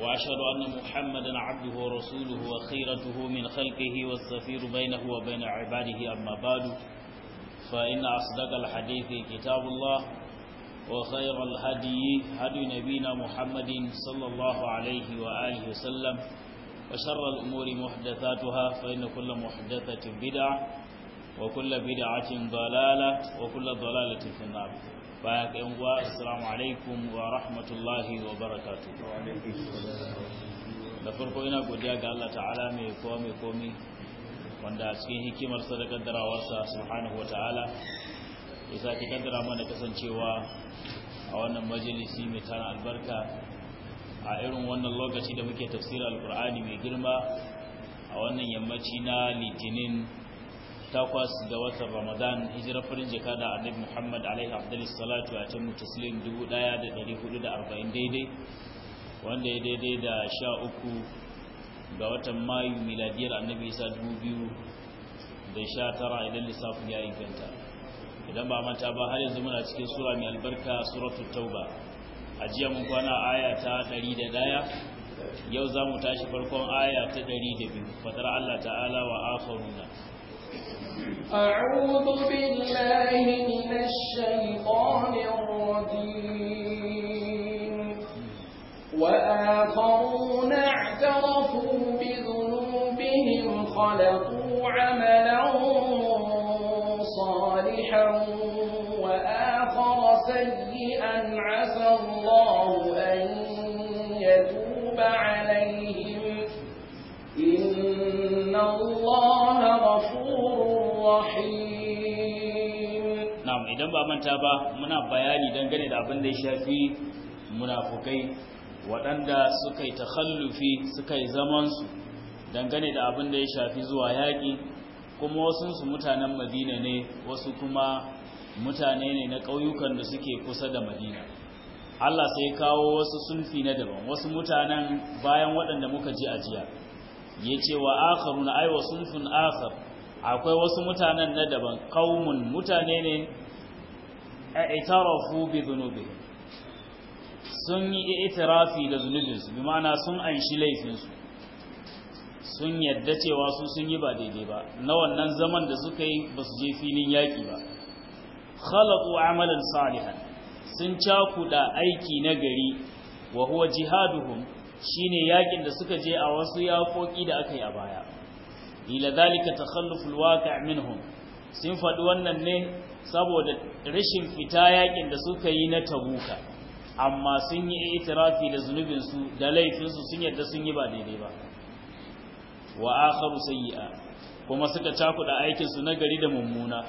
وأشهد أن محمدا عبده ورسوله وخيرته من خلقه والسفير بينه وبين عباده أما بعد فإن أصدق الحديث كتاب الله وخير الهدي هدي نبينا محمد صلى الله عليه وآله وسلم وشر الأمور محدثاتها فإن كل محدثة بدعة وكل بدعة ضلالة وكل ضلالة في النار bayan ɗan uwa assalamu alaikum wa rahmatullahi wa barakatu da farko ina godiya ga Allah ta'ala mai komi mai komi wanda cikin hikimar sa da kaddarawarsa subhanahu wa ta'ala ya sake kaddara mana kasancewa a wannan majalisi mai tana albarka a irin wannan lokaci da muke tafsirar alkur'ani mai girma a wannan yammaci na litinin takwas ga watan ramadan hijirar farin jika da annabi muhammad alaihi abdul salatu a cin taslim 1440 daidai wanda ya daidai da sha uku ga watan mayu miladiyar annabi isa 2000 da sha tara idan lissafin ya inganta idan ba mata ba har yanzu muna cikin sura mai albarka suratul tauba a jiya mun kwana aya ta 101 yau za mu tashi farkon aya ta 102 fatar allah ta'ala wa akharuna أعوذ بالله من الشيطان الرجيم وآخرون اعترفوا بذنوبهم خلقوا idan ba manta ba muna bayani dangane da abin da ya shafi munafukai waɗanda suka yi takhallufi suka yi zamansu dangane da abin da ya shafi zuwa yaƙi kuma wasunsu mutanen madina ne wasu kuma mutane ne na ƙauyukan da suke kusa da madina allah sai kawo wasu sunfi na daban wasu mutanen bayan waɗanda muka ji ajiya ya ce wa akharu na aiwa sunfin akhar akwai wasu mutanen na daban kaumun mutane ne i'tarafu bi sun yi itirafi da zunubinsu bi ma'ana sun anshi laifinsu sun yadda cewa su sun yi ba daidai ba na wannan zaman da suka yi ba su je filin yaƙi ba khalaqu amalan salihan sun cakuda aiki na gari wa huwa jihaduhum shine yaƙin da suka je a wasu yaƙoƙi da aka yi a baya ila zalika takhalluful waqi' minhum sun faɗi wannan ne saboda rashin fita yakin da suka yi na tabuka amma sun yi itirafi da zunubinsu da laifinsu sun yadda sun yi ba daidai ba wa akharu sayyi'a kuma suka cakuɗa aikinsu na gari da mummuna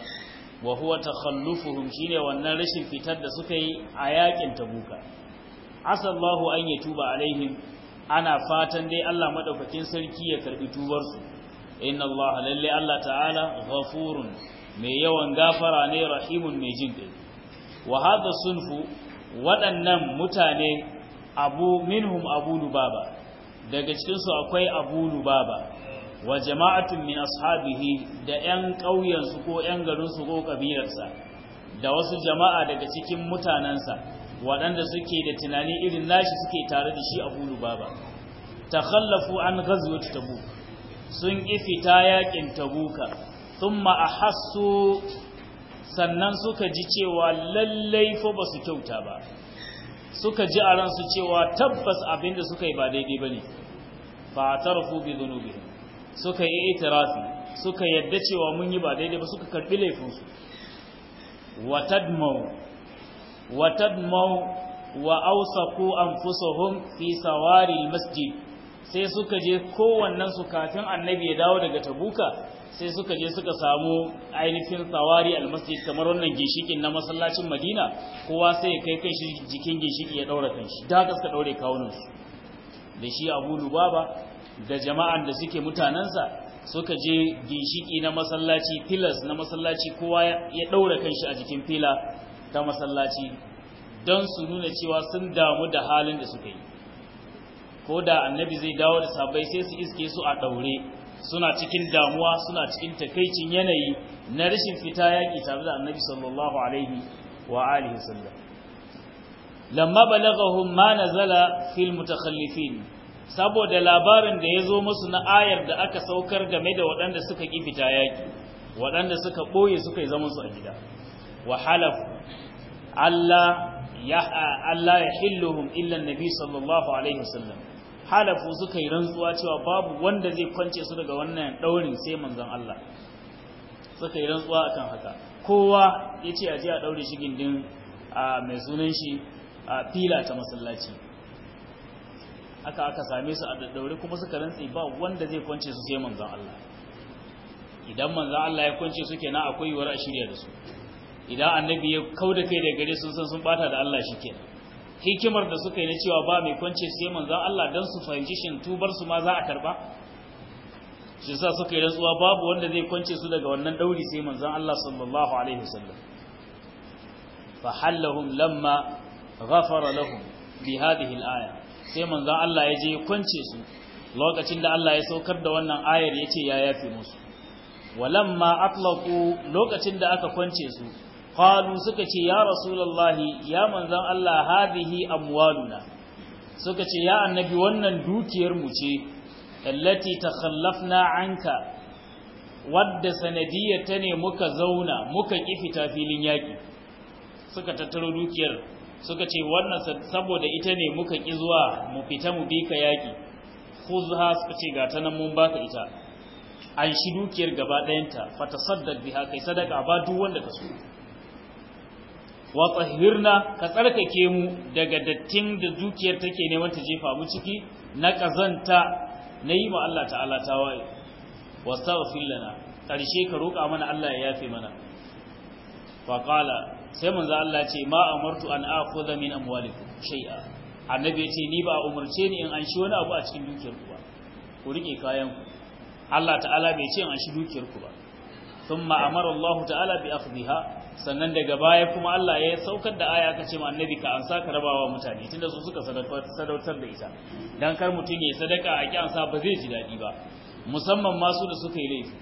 wa huwa takhallufuhum shine wannan rashin fitar da suka yi a yakin tabuka asallahu an tuba alaihim ana fatan dai Allah madaukakin sarki ya karbi tubarsu. inna Allah lalle Allah ta'ala ghafurun mai yawan gafara ne rahimun mai jin ɗai wa hada sunfu waɗannan mutane abu minhum abu lubaba daga cikinsu akwai abu lubaba wa jama'atun min ashabihi da 'yan ƙauyensu ko 'yan garinsu ko ƙabilarsa da wasu jama'a daga cikin mutanensa waɗanda suke da tunani irin nashi suke tare da shi abu lubaba takhallafu an ghazwat tabuk sun ifita yaƙin tabuka thumma ahassu sannan suka ji cewa lallai fa ba su kyauta ba suka ji a ransu cewa tabbas abinda suka yi ba daidai bane fa tarfu bi dhunubihim suka yi itirafi suka yadda cewa mun yi ba daidai ba suka karbi laifinsu watadmau watadmau wa awsaqu anfusuhum fi sawari almasjid sai suka je kowannen su kafin annabi ya dawo daga tabuka sai suka je suka samu ainihin tsawari almasjid kamar wannan ginshikin na masallacin madina kowa sai ya kai kai jikin ginshiki ya daura kan shi da haka suka daure kawunansu da shi abu lubaba da jama'an da suke mutanensa suka je ginshiki na masallaci filas na masallaci kowa ya daura kan shi a jikin fila ta masallaci don su nuna cewa sun damu da halin da suka yi ko da annabi zai dawo da sabai sai su iske su a daure suna cikin damuwa suna cikin takaicin yanayi na rashin fita yaƙi tare da annabi sallallahu alaihi wa alihi sallam lamma balaghahum ma nazala fil mutakhallifin saboda labarin da ya zo musu na ayar da aka saukar game da waɗanda suka ƙi fita yaƙi waɗanda suka ɓoye suka yi su a gida wa Allah ya hilluhum illa nabi sallallahu alaihi wasallam halafu suka yi rantsuwa cewa babu wanda zai kwance su daga wannan daurin sai manzon Allah suka yi rantsuwa akan haka kowa yace aje a daure shi gindin mai sunan shi a fila ta masallaci aka aka same su a daddaure kuma suka rantsi ba wanda zai kwance su sai manzon Allah idan manzon Allah ya kwance su kenan akwai yiwuwar a shirya da su idan annabi ya kauda kai da gare sun san sun bata da Allah shikenan hikimar da suka yi na cewa ba mai kwance sai manzan Allah don su fahimci shin tubar su ma za a karba shi sa suka yi rantsuwa babu wanda zai kwance su daga wannan dauri sai manzan Allah sallallahu alaihi wasallam fa hallahum lamma ghafara lahum bi hadhihi al-aya sai manzan Allah ya je kwance su lokacin da Allah ya saukar da wannan ayar yace ya yafe musu walamma atlaqu lokacin da aka kwance su qalu suka ce ya rasulullahi ya manzon Allah hadhihi amwaluna suka ce ya annabi wannan dukiyar mu ce allati takhallafna anka wadda sanadiyar ta ne muka zauna muka ki filin yaki suka tattaro dukiyar suka ce wannan saboda ita ne muka ki zuwa mu fita mu bi ka yaki khuzha suka ce ta nan mun baka ita an shi dukiyar gaba ɗayanta fata biha kai sadaka ba duk wanda ka so wa tsahirna ka tsarkake mu daga dattin da dukiyar take neman ta jefa mu ciki na kazanta na yi ma Allah ta'ala tawaye wastaghfir lana karshe ka roƙa mana Allah ya yafe mana fa qala sai manzo Allah ce ma amartu an akhudha min amwalikum shay'a annabi ya ce ni ba umarce ni in an shi wani abu a cikin dukiyar ku ba ku rike kayan ku Allah ta'ala bai ce in an shi dukiyar ku ba thumma amara Allah ta'ala bi akhdhiha sannan daga baya kuma Allah ya saukar da aya aka ce ma annabi ka ansa ka rabawa mutane tunda su suka sadautar da ita dan kar mutum ya sadaka a ki ansa ba zai ji dadi ba musamman ma su da suka yi laifi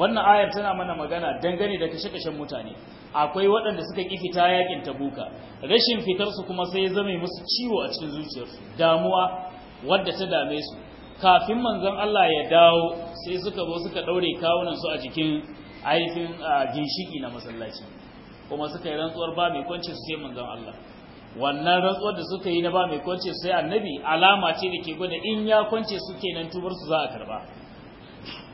wannan ayar tana mana magana dangane da kashe-kashen mutane akwai waɗanda suka ki fita yakin tabuka rashin fitar su kuma sai ya zame musu ciwo a cikin zuciyarsu damuwa wadda ta dame su kafin manzon Allah ya dawo sai suka zo suka daure kawunan su a jikin aifin ginshiki na masallaci kuma suka yi rantsuwar ba mai kwanci su sai manzon Allah wannan rantsuwar da suka yi na ba mai su sai annabi alama ce da ke gwada in ya kwance su kenan tubar su za a karba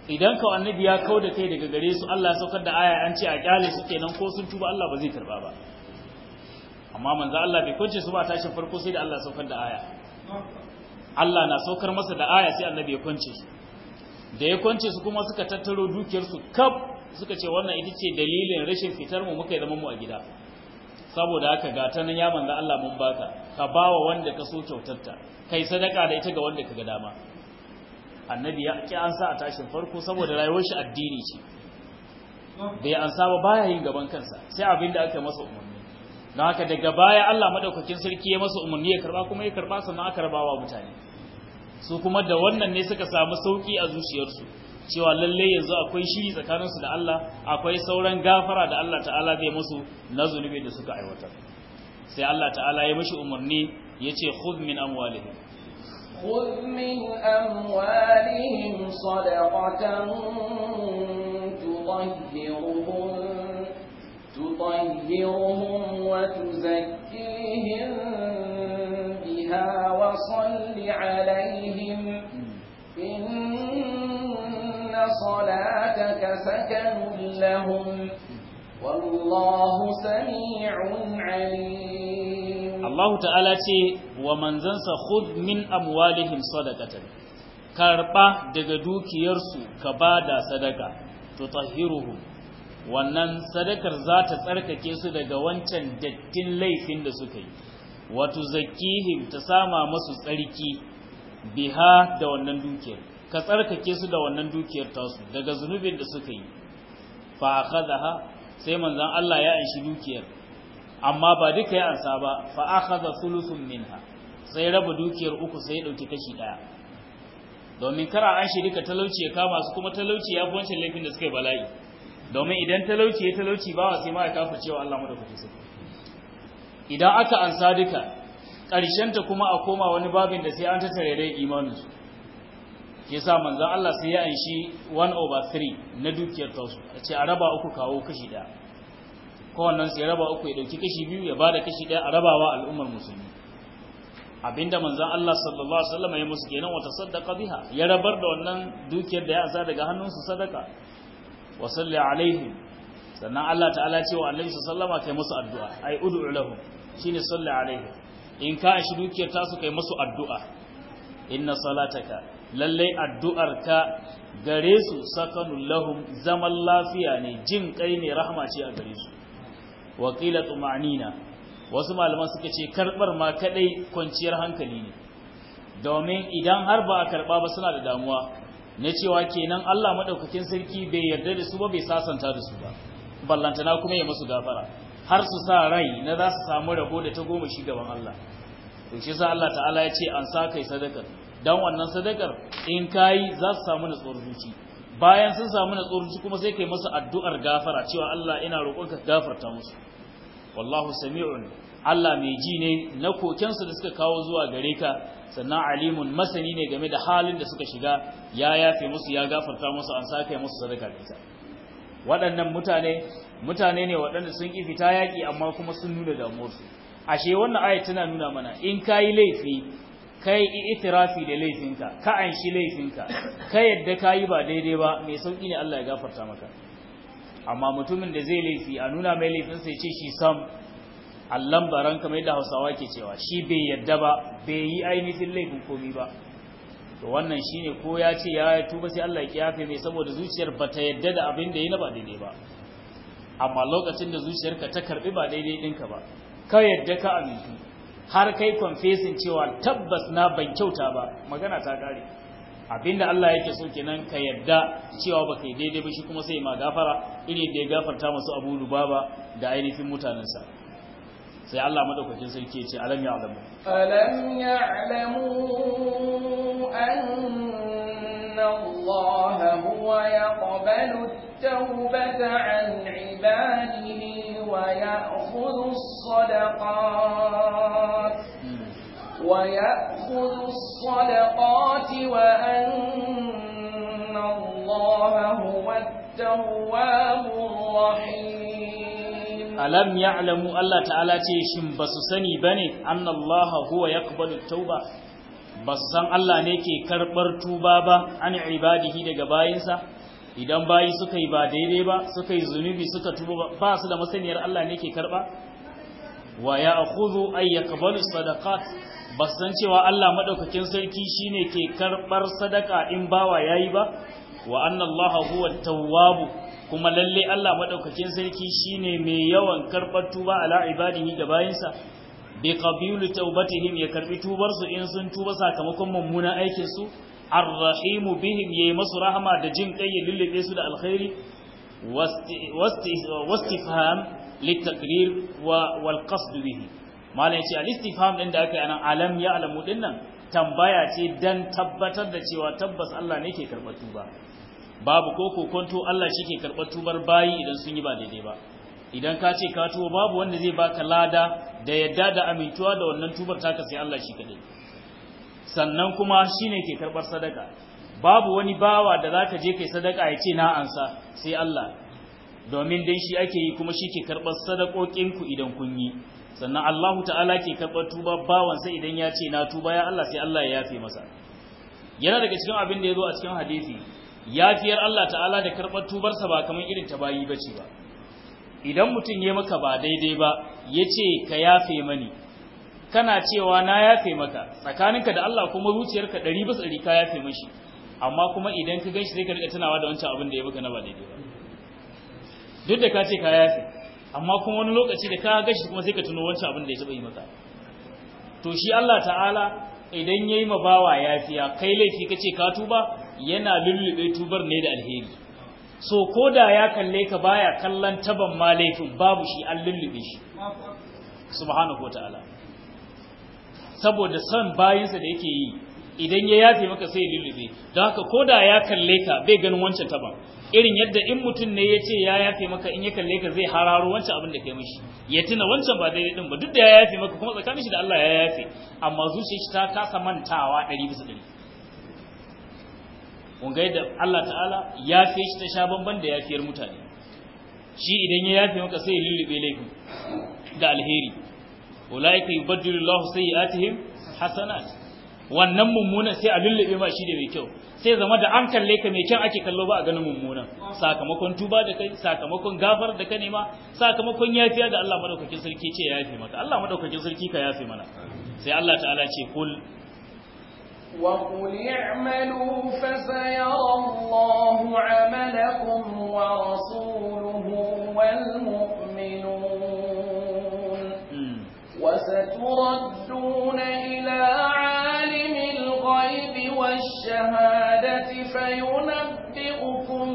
idan ka annabi ya kauda kai daga gare su Allah saukar da aya an ce a kyale su kenan ko sun tuba Allah ba zai karba ba amma manzo Allah bai kwance su ba tashin farko sai da Allah saukar da aya Allah na saukar masa da aya sai annabi ya kwance su da ya kwance su kuma suka tattaro dukiyar su kaf suka ce wannan ita ce dalilin rashin fitar mu muka yi zama mu a gida saboda haka ga ta nan ya da Allah mun baka ka ba wa wanda ka so kyautarta kai sadaka da ita ga wanda ka ga dama annabi ya ki an sa a tashin farko saboda rayuwar shi addini ce bai an saba baya yin gaban kansa sai abin da aka masa umarni don haka daga baya Allah madaukakin sarki ya masa umarni ya karba kuma ya karba sannan aka rabawa mutane su kuma da wannan ne suka samu sauki a zuciyarsu cewa lalle yanzu akwai shiri tsakaninsu da Allah akwai sauran gafara da Allah ta'ala zai musu na zunubi da suka aiwatar sai Allah ta'ala ya mashi umarni ya ce khudh min amwalihim خذ من أموالهم صدقة تطهرهم تطهرهم وتزكيهم بها وصل عليهم صلاتك سكن لهم والله سميع عليم الله تعالى ce wa manzansa خذ min amwalihim صدقة karɓa daga dukiyarsu ka bada sadaka wannan sadakar za ta tsarkake su daga wancan dattin laifin da suka yi wato zakihim ta sama masu tsarki biha da wannan dukiyar ka tsarkake su da wannan dukiyar tasu daga zunubin da suka yi fa akhadha sai manzon Allah ya anshi dukiyar amma ba duka ya ansa ba fa akhadha thuluthun minha sai raba dukiyar uku sai ya dauki kashi daya domin kar an shi duka talauci ya kama su kuma talauci ya fi laifin da suka yi bala'i domin idan talauci ya talauci ba wa sai ma ya kafa cewa Allah madaukaki sai idan aka ansa duka ƙarshen ta kuma a koma wani babin da sai an tattare imanin su sa manzan Allah sai ya shi 1 over 3 na dukiyar tausu a ce a raba uku kawo kashi daya kowannan sai raba uku ya dauki kashi biyu ya bada kashi daya a rabawa al'ummar musulmi abinda manzan Allah sallallahu alaihi wasallam ya musu kenan wata sadaka biha ya rabar da wannan dukiyar da ya asa daga hannunsu sadaka wa salli alaihi sannan Allah ta'ala ce wa annabi sallallahu alaihi wasallam kai musu addu'a ai ud'u lahum shine salli alaihi in ka shi dukiyar tasu kai musu addu'a inna salataka lallai addu'ar ta gare su sakanun lahum zaman lafiya ne jin kai ne rahama ce a gare su wakila na, wasu malaman suka ce karbar ma kadai kwanciyar hankali ne domin idan har ba a karba ba suna da damuwa na cewa kenan Allah madaukakin sarki bai yarda da su ba bai sasanta da su ba ballantana kuma ya masu gafara har su sa rai na za su samu rabo da ta goma shi gaban Allah to shi sa Allah ta'ala ya ce an sa kai sadaka dan wannan sadakar in yi za su samu natsuwar zuci bayan sun samu natsuwar zuci kuma sai kai masu addu'ar gafara cewa Allah ina roƙonka gafarta musu wallahu sami'un Allah mai ji ne na kokensu da suka kawo zuwa gare ka sannan alimun masani ne game da halin da suka shiga ya yafe musu ya gafarta musu an sake musu sadaka da ita waɗannan mutane mutane ne waɗanda sun ƙi fita yaƙi amma kuma sun nuna damuwarsu ashe wannan aya tana nuna mana in kayi laifi kai itirafi da laifinka ka anshi laifinka ka yadda ka yi ba daidai ba mai sauƙi ne Allah ya gafarta maka amma mutumin da zai laifi a nuna mai laifin sai ce shi sam allan baran kamar yadda hausawa ke cewa shi bai yadda ba bai yi ainihin laifin komi ba to wannan ne ko ya ce ya tuba sai Allah ya kiyafe mai saboda zuciyar ba ta yadda da abin da yi na ba daidai ba amma lokacin da zuciyarka ta karbi ba daidai dinka ba ka yadda ka amintu har kai confessing cewa tabbas na ban kyauta ba magana ta kare abinda Allah yake so kenan ka yadda cewa baka yi daidai ba shi kuma sai ma gafara iri da ya gafarta masu Abu dubaba da ainihin mutanensa sai Allah madaukakin sarki ya ce alam alamu alam alamu anna Allah huwa yaqbalu التوبة عن عباده ويأخذ الصدقات ويأخذ الصدقات وأن الله هو التواب الرحيم ألم يعلموا الله تعالى تشم بسسني بني أن الله هو يقبل التوبة بس san Allah ne ke karɓar tuba ba an ibadihi daga bayinsa idan bayi suka yi ba daidai ba suka yi zunubi suka tubo ba su da masaniyar Allah ne ke karba wa ya akhudhu ay yaqbalu sadaqat san cewa Allah madaukakin sarki shine ke karbar sadaka in bawa yayi ba wa anna Allah huwa tawwab kuma lalle Allah madaukakin sarki shine mai yawan karbar tuba ala ibadihi da bayinsa bi qabilu tawbatihim ya karbi tubar in sun tuba sakamakon mummunan aikin su arrahimu ya yi masu rahma da jin kai ya lullube su da alkhairi wastifham litakrir wa wal qasd bihi malan yace al istifham din da aka yi anan alam ya alamu din tambaya ce dan tabbatar da cewa tabbas Allah ne ke karɓar tuba babu ko kokonto Allah shi ke karɓar tubar bayi idan sun yi ba daidai ba idan ka ce ka tuba babu wanda zai baka lada da yadda da amintuwa da wannan tubar taka sai Allah shi kaɗai. sannan kuma shi ne ke karɓar sadaka babu wani bawa da za ka je kai sadaka ya ce na ansa sai Allah domin dai shi ake yi kuma shi ke karɓar sadakokin ku idan kun yi sannan Allah ta'ala ke karɓar tuba bawan idan ya ce na tuba ya Allah sai Allah ya yafe masa yana daga cikin abin da ya zo a cikin hadisi yafiyar Allah ta'ala da karbar tubarsa ba kamar irin ta bayi bace ba idan mutum ya maka ba daidai ba yace ka yafe mani kana cewa na yafe maka tsakaninka da Allah kuma zuciyarka ɗari bisa ɗari ka yafe mashi amma kuma idan ka ganshi sai ka riƙa tunawa da wancan abin da ya baka na ba daidai ba duk da ka ce ka yafe amma kuma wani lokaci da ka shi kuma sai ka tuno wancan abin da ya taɓa yi maka to shi Allah ta'ala idan yayi ma bawa yafiya kai laifi kace ka tuba yana lullube tubar ne da alheri so koda ya kalle ka baya kallon taban ma laifin babu shi an lullube shi subhanahu wataala saboda son bayansa da yake yi idan ya yafe maka sai lullube don haka ko da ya kalle ka bai ganin wancan ta ba, irin yadda in mutum ne ya ce ya yafe maka in ya kalle ka zai hararo wancan abin da kai mishi ya tuna wancan ba daidai din ba duk da ya yafe maka kuma tsakanin shi da Allah ya yafe amma zuciyar shi ta kasa mantawa ɗari bisa ɗari kun ga yadda Allah ta'ala yafe shi ta sha bamban da yafiyar mutane shi idan ya yafe maka sai lullube laifin da alheri ulaika yubaddilu Allahu sayyi'atihim hasanat wannan mummunan sai a lullube ma shi da mai kyau sai zama da an kalle ka mai kyau ake kallo ba a ganin mummunan sakamakon tuba da kai sakamakon gafar da ka nema sakamakon yafiya da Allah madaukakin sarki ce ya yafe maka Allah madaukakin sarki ka yafe mana sai Allah ta'ala ce kul وقل اعملوا فسيرى الله عملكم ورسوله والمؤمنين يردون إلى عالم الغيب والشهادة فينبئكم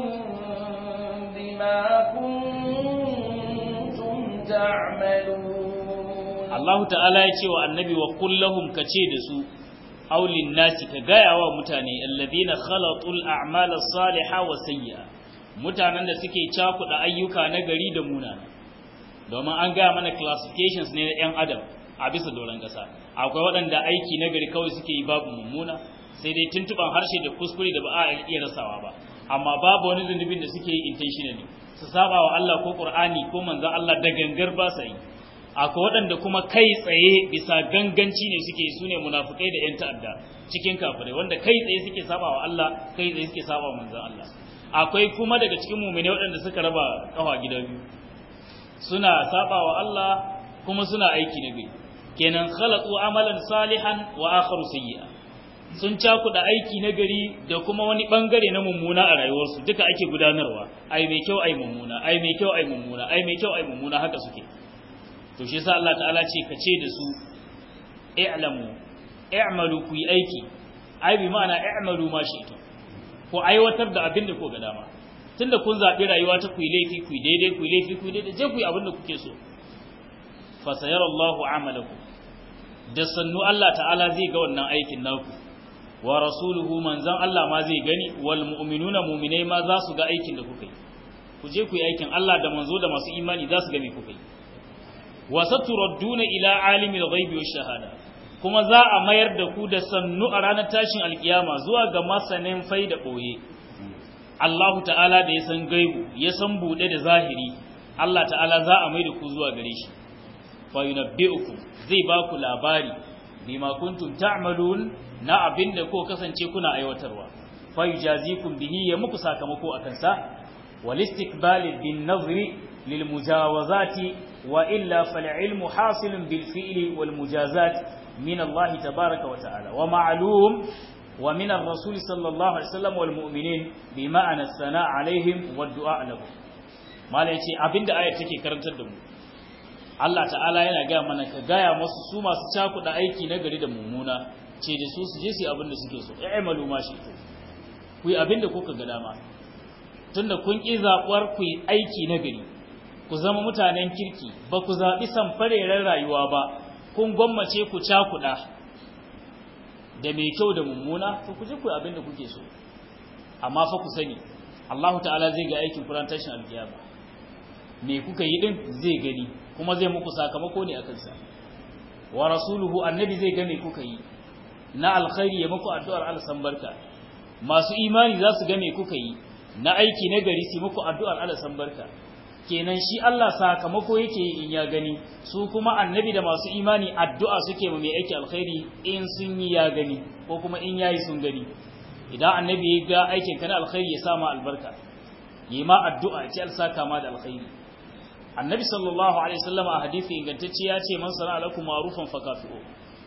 بما كنتم تعملون الله تعالى يتوى النبي وقل لهم كتيدسوا aulin nasi ka gaya wa mutane alladhina khalatul a'mal saliha wa sayyi'a mutanen da suke cakuɗa ayyuka na gari da muna domin an gaya mana classifications ne na yan adam a bisa doron ƙasa akwai waɗanda aiki na gari kawai suke yi babu mummuna sai dai tuntuban harshe da kuskure da ba a iya rasawa ba amma babu wani zunubin da suke yi intentionally su saba wa Allah ko Qur'ani ko manzon Allah da gangar ba sa yi akwai waɗanda kuma kai tsaye bisa ganganci ne suke yi sune munafukai da 'yan ta'adda cikin kafirai wanda kai tsaye suke saba wa Allah kai tsaye suke saba manzon Allah akwai kuma daga cikin mu'mini waɗanda suka raba kafa gida biyu suna saba wa Allah kuma suna aiki na gari kenan khalaqu amalan salihan wa akharu sayyi'a sun cakuda aiki na gari da kuma wani bangare na mummuna a rayuwarsu duka ake gudanarwa ai mai kyau ai mummuna ai mai kyau ai mummuna ai mai kyau ai mummuna haka suke to shi yasa Allah ta'ala ce ka ce da su i'lamu i'malu ku yi aiki ai bi ma'ana i'malu ma shi ku aiwatar da abin da ko ga dama tunda kun zabi rayuwa ta ku yi laifi ku yi daidai ku yi laifi ku yi daidai je ku yi abin da kuke so fa sayarallahu amalaku, da sannu Allah ta'ala zai ga wannan aikin naku wa rasuluhu manzan Allah ma zai gani wal mu'minuna mu'minai ma za su ga aikin da kuka yi ku je ku yi aikin Allah da manzo da masu imani za su gami kuka yi wa saturadduna ila alimil ghaibi wa shahada kuma za a mayar da ku da sannu a ranar tashin alkiyama zuwa ga masanin fai da boye Allah ta'ala da ya san gaibu ya san bude da zahiri Allah ta'ala za a mai da ku zuwa gare shi fa uku zai ba ku labari bima kuntum ta'malun na abinda ko kasance kuna aiwatarwa fa yujazikum bihi ya muku sakamako akan sa wal istiqbal bin nazri lil mujawazati wa illa fal ilmu hasilun bil fi'li wal mujazat min Allah wa ta'ala wa ma'lum wa min ar-rasul sallallahu alaihi wasallam wal mu'minin bi ana sana'a alaihim wad du'a lahum mala yace abinda ayat take karantar da mu Allah ta'ala yana gaya mana ka gaya masu su masu cakuɗa aiki na gari da mummuna ce da su su je su abin da suke so i'malu ma shi to ku yi abin da kuka ga dama tunda kun ƙi zaɓuwar ku yi aiki na gari ku zama mutanen kirki ba ku zaɓi samfareren rayuwa ba kun gwammace ku cakuɗa da mai kyau da mummuna to ku je ku yi abin da kuke so amma fa ku sani Allah ta'ala zai ga aikin kurantashin tashin alkiyama me kuka yi din zai gani kuma zai muku sakamako ne akan sa wa rasuluhu annabi zai ga me kuka yi na alkhairi ya muku addu'ar san barka masu imani za su ga me kuka yi na aiki na gari su muku addu'ar san barka kenan shi Allah sakamako yake in ya gani su kuma annabi da masu imani addu'a suke mu mai aiki alkhairi in sun yi ya gani ko kuma in yayi sun gani idan annabi ya ga aikin ka na alkhairi ya sa ma albarka yi ma addu'a ya ce al saka ma da alkhairi annabi sallallahu alaihi wasallam a hadisi ingantacce ya ce man sana lakum ma'rufan kafiru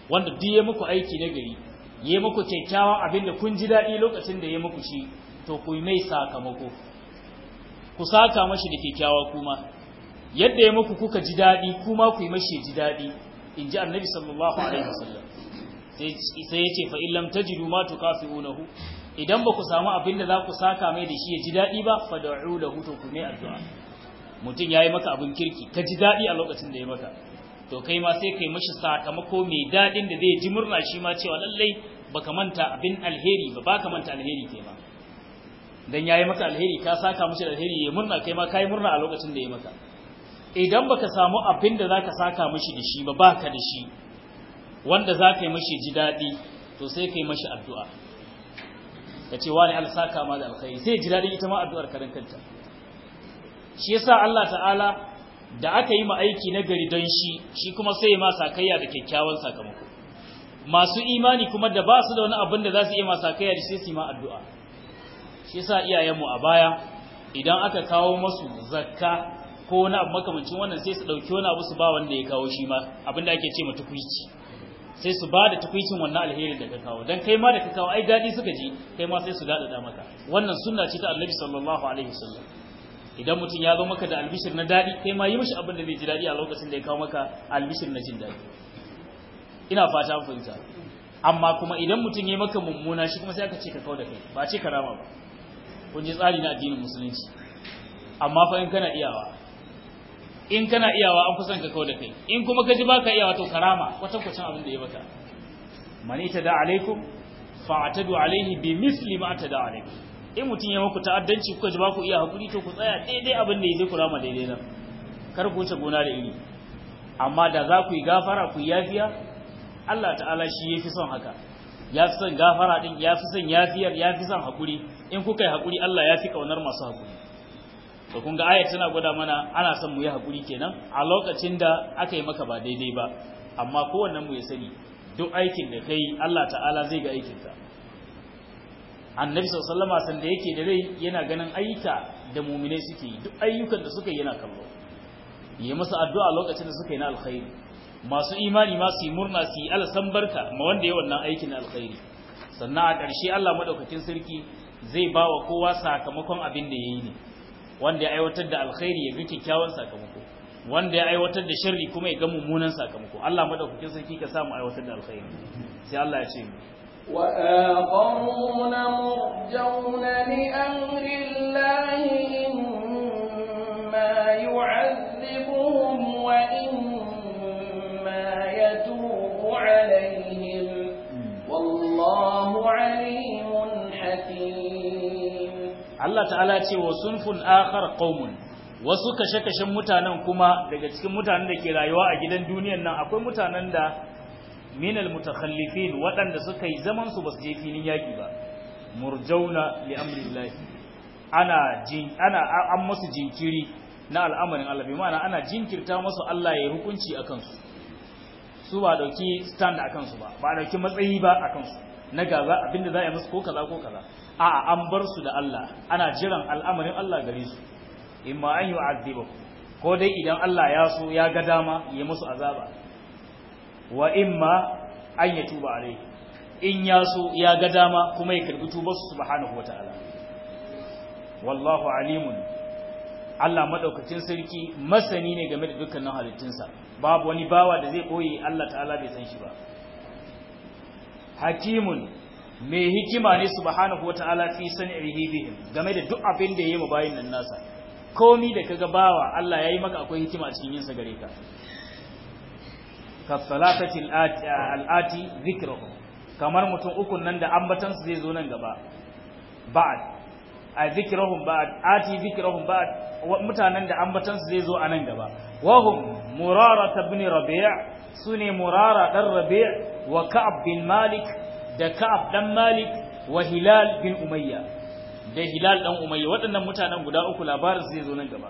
wanda duk ya muku aiki na gari ya muku kyakkyawan abinda da kun ji daɗi lokacin da ya muku shi to ku mai sakamako ku saka mashi da kyakkyawa kuma yadda ya muku kuka ji daɗi kuma ku yi mashi ji daɗi in ji annabi sallallahu alaihi wasallam sai ya ce fa illam tajidu ma tukafi'unahu idan ba ku samu abinda za ku saka mai da shi ya ji daɗi ba fa da'u lahu to ku mai addu'a mutum ya yi maka abin kirki ka ji daɗi a lokacin da ya maka to kai ma sai kai mashi sakamako mai daɗin da zai ji murna shi ma cewa lallai baka manta abin alheri ba baka manta alheri ke ma dan yayi maka alheri ka saka mashi alheri ya murna kai ma kai murna a lokacin da ya maka idan baka samu abin da zaka saka mashi da shi ba baka da shi wanda za ka yi mashi ji daɗi to sai kai mashi addu'a ka ce wani alsaka ma da alkhairi sai ji daɗin ita ma addu'ar karan kanta shi yasa Allah ta'ala da aka yi ma aiki na gari don shi shi kuma sai ma sakayya da kyakkyawan sakamako masu imani kuma da ba su da wani abin da za su yi ma sakayya da sai su yi ma addu'a shi yasa iyayenmu a baya idan aka kawo masu zakka ko wani abu makamancin wannan sai su dauki wani abu su ba wanda ya kawo shi ma abin da ake ce ma tukuici sai su ba da tukuicin wannan alheri da ka kawo dan kai ma da ka kawo ai dadi suka ji kai ma sai su dada maka wannan sunna ce ta Annabi sallallahu alaihi wasallam idan mutum ya zo maka da albishir na daɗi kai ma yi mashi abin da zai ji daɗi a lokacin da ya kawo maka albishir na jin daɗi ina fata an fahimta amma kuma idan mutum ya maka mummuna shi kuma sai aka ce ka kawo da kai ba ce karama ba kun ji tsari na addinin musulunci amma fa in kana iyawa in kana iyawa an kusan ka kawo da kai in kuma ka ji baka iyawa to karama kwatankwacin abin da ya maka man ita da alaikum fa'atadu alaihi bi misli ma ta da alaikum in mutum ya maku ta'addanci kuka ji ba ku iya hakuri to ku tsaya daidai abin da ya zai ku rama daidai nan kar ku wuce gona da iri amma da za ku yi gafara ku yafiya Allah ta'ala shi yafi son haka ya fi son gafara din ya fi son yafiyar ya fi son hakuri in kuka yi hakuri Allah ya fi kaunar masu hakuri to kun ga ayat tana gwada mana ana son mu yi hakuri kenan a lokacin da aka yi maka ba daidai ba amma kowannen mu ya sani duk aikin da kai Allah ta'ala zai ga aikinka annabi sallallahu alaihi wasallam yake da rai yana ganin ayyuka da mu'mine suke yi duk ayyukan da suka yi yana kallo yi masa addu'a lokacin da suka yi na alkhairi masu imani ma su yi murna su yi alasan barka ma wanda ya wannan aikin na alkhairi sannan a ƙarshe Allah madaukakin sarki zai ba wa kowa sakamakon abin da yayi ne wanda ya aiwatar da alkhairi ya ga kyakkyawan sakamako wanda ya aiwatar da sharri kuma ya ga mummunan sakamako Allah madaukakin sarki ka samu aiwatar da alkhairi sai Allah ya ce mu وآخرون مرجون لأمر الله إما يعذبهم وإما يتوب عليهم والله عليم حكيم الله تعالى وصنف آخر قوم wasu kashe-kashen mutanen kuma daga cikin mutanen da ke rayuwa a gidan duniyan nan akwai mutanen da min almutakhallifin waɗanda suka yi zaman su basu je filin yaki ba murjauna li amrillahi ana jin ana an musu jinkiri na al'amarin Allah bi ma'ana ana jinkirta musu Allah ya hukunci akan su su ba dauki stand akan su ba ba dauki matsayi ba akan su na gaza abinda za a yi musu ko kaza ko kaza a'a an bar su da Allah ana jiran al'amarin Allah gare su imma an yu'adhibu ko dai idan Allah ya so ya ga dama ya musu azaba wa imma an ya tuba alai, in ya so ya ga dama kuma ya karbi tuba su subhanahu ta'ala wallahu alimun Allah madaukakin sarki masani ne game da dukkanin halittunsa babu wani bawa da zai boye Allah ta'ala bai san shi ba hakimun mai hikima ne subhanahu ta'ala fi san'ihi bihim game da duk abin da yayi mabayin nan nasa komi da kaga bawa Allah yayi maka akwai hikima a cikin yinsa gare ka kasalatati al'ati zikruhu kamar mutum ukun nan da ambatan zai zo nan gaba ba'ad. a zikruhum ati zikruhum ba'ad. mutanen da ambatan zai zo a nan gaba wahum murara ibn rabi' sune murara ɗan rabi' wa ka'ab bin malik da ka'ab dan malik wa hilal bin umayya da hilal dan umayya waɗannan mutanen guda uku labarin zai zo nan gaba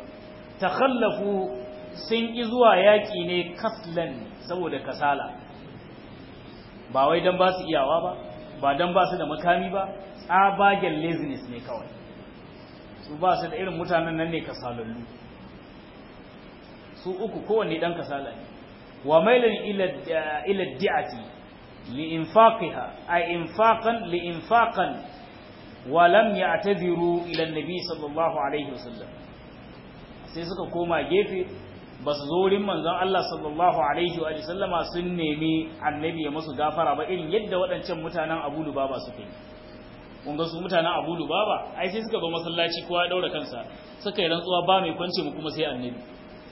takhallafu sun ƙi zuwa yaƙi ne kaslan saboda kasala ba wai don ba su iyawa ba ba don ba su da makami ba tsabagen laziness ne kawai su ba su da irin mutanen nan ne kasalallu su uku kowanne ɗan kasala ne wa mailin ila a li infaqiha ay infaqan li infaqan wa lam ya'tadiru ila annabi sallallahu alaihi wasallam sai suka koma gefe ba su zo wurin manzon Allah sallallahu alaihi wa sallama sun nemi annabi ya musu gafara ba irin yadda waɗancan mutanen Abu Lubaba suka yi kun ga su mutanen Abu Lubaba ai sai suka ba masallaci kowa ya daura kansa suka yi rantsuwa ba mai kwance mu kuma sai annabi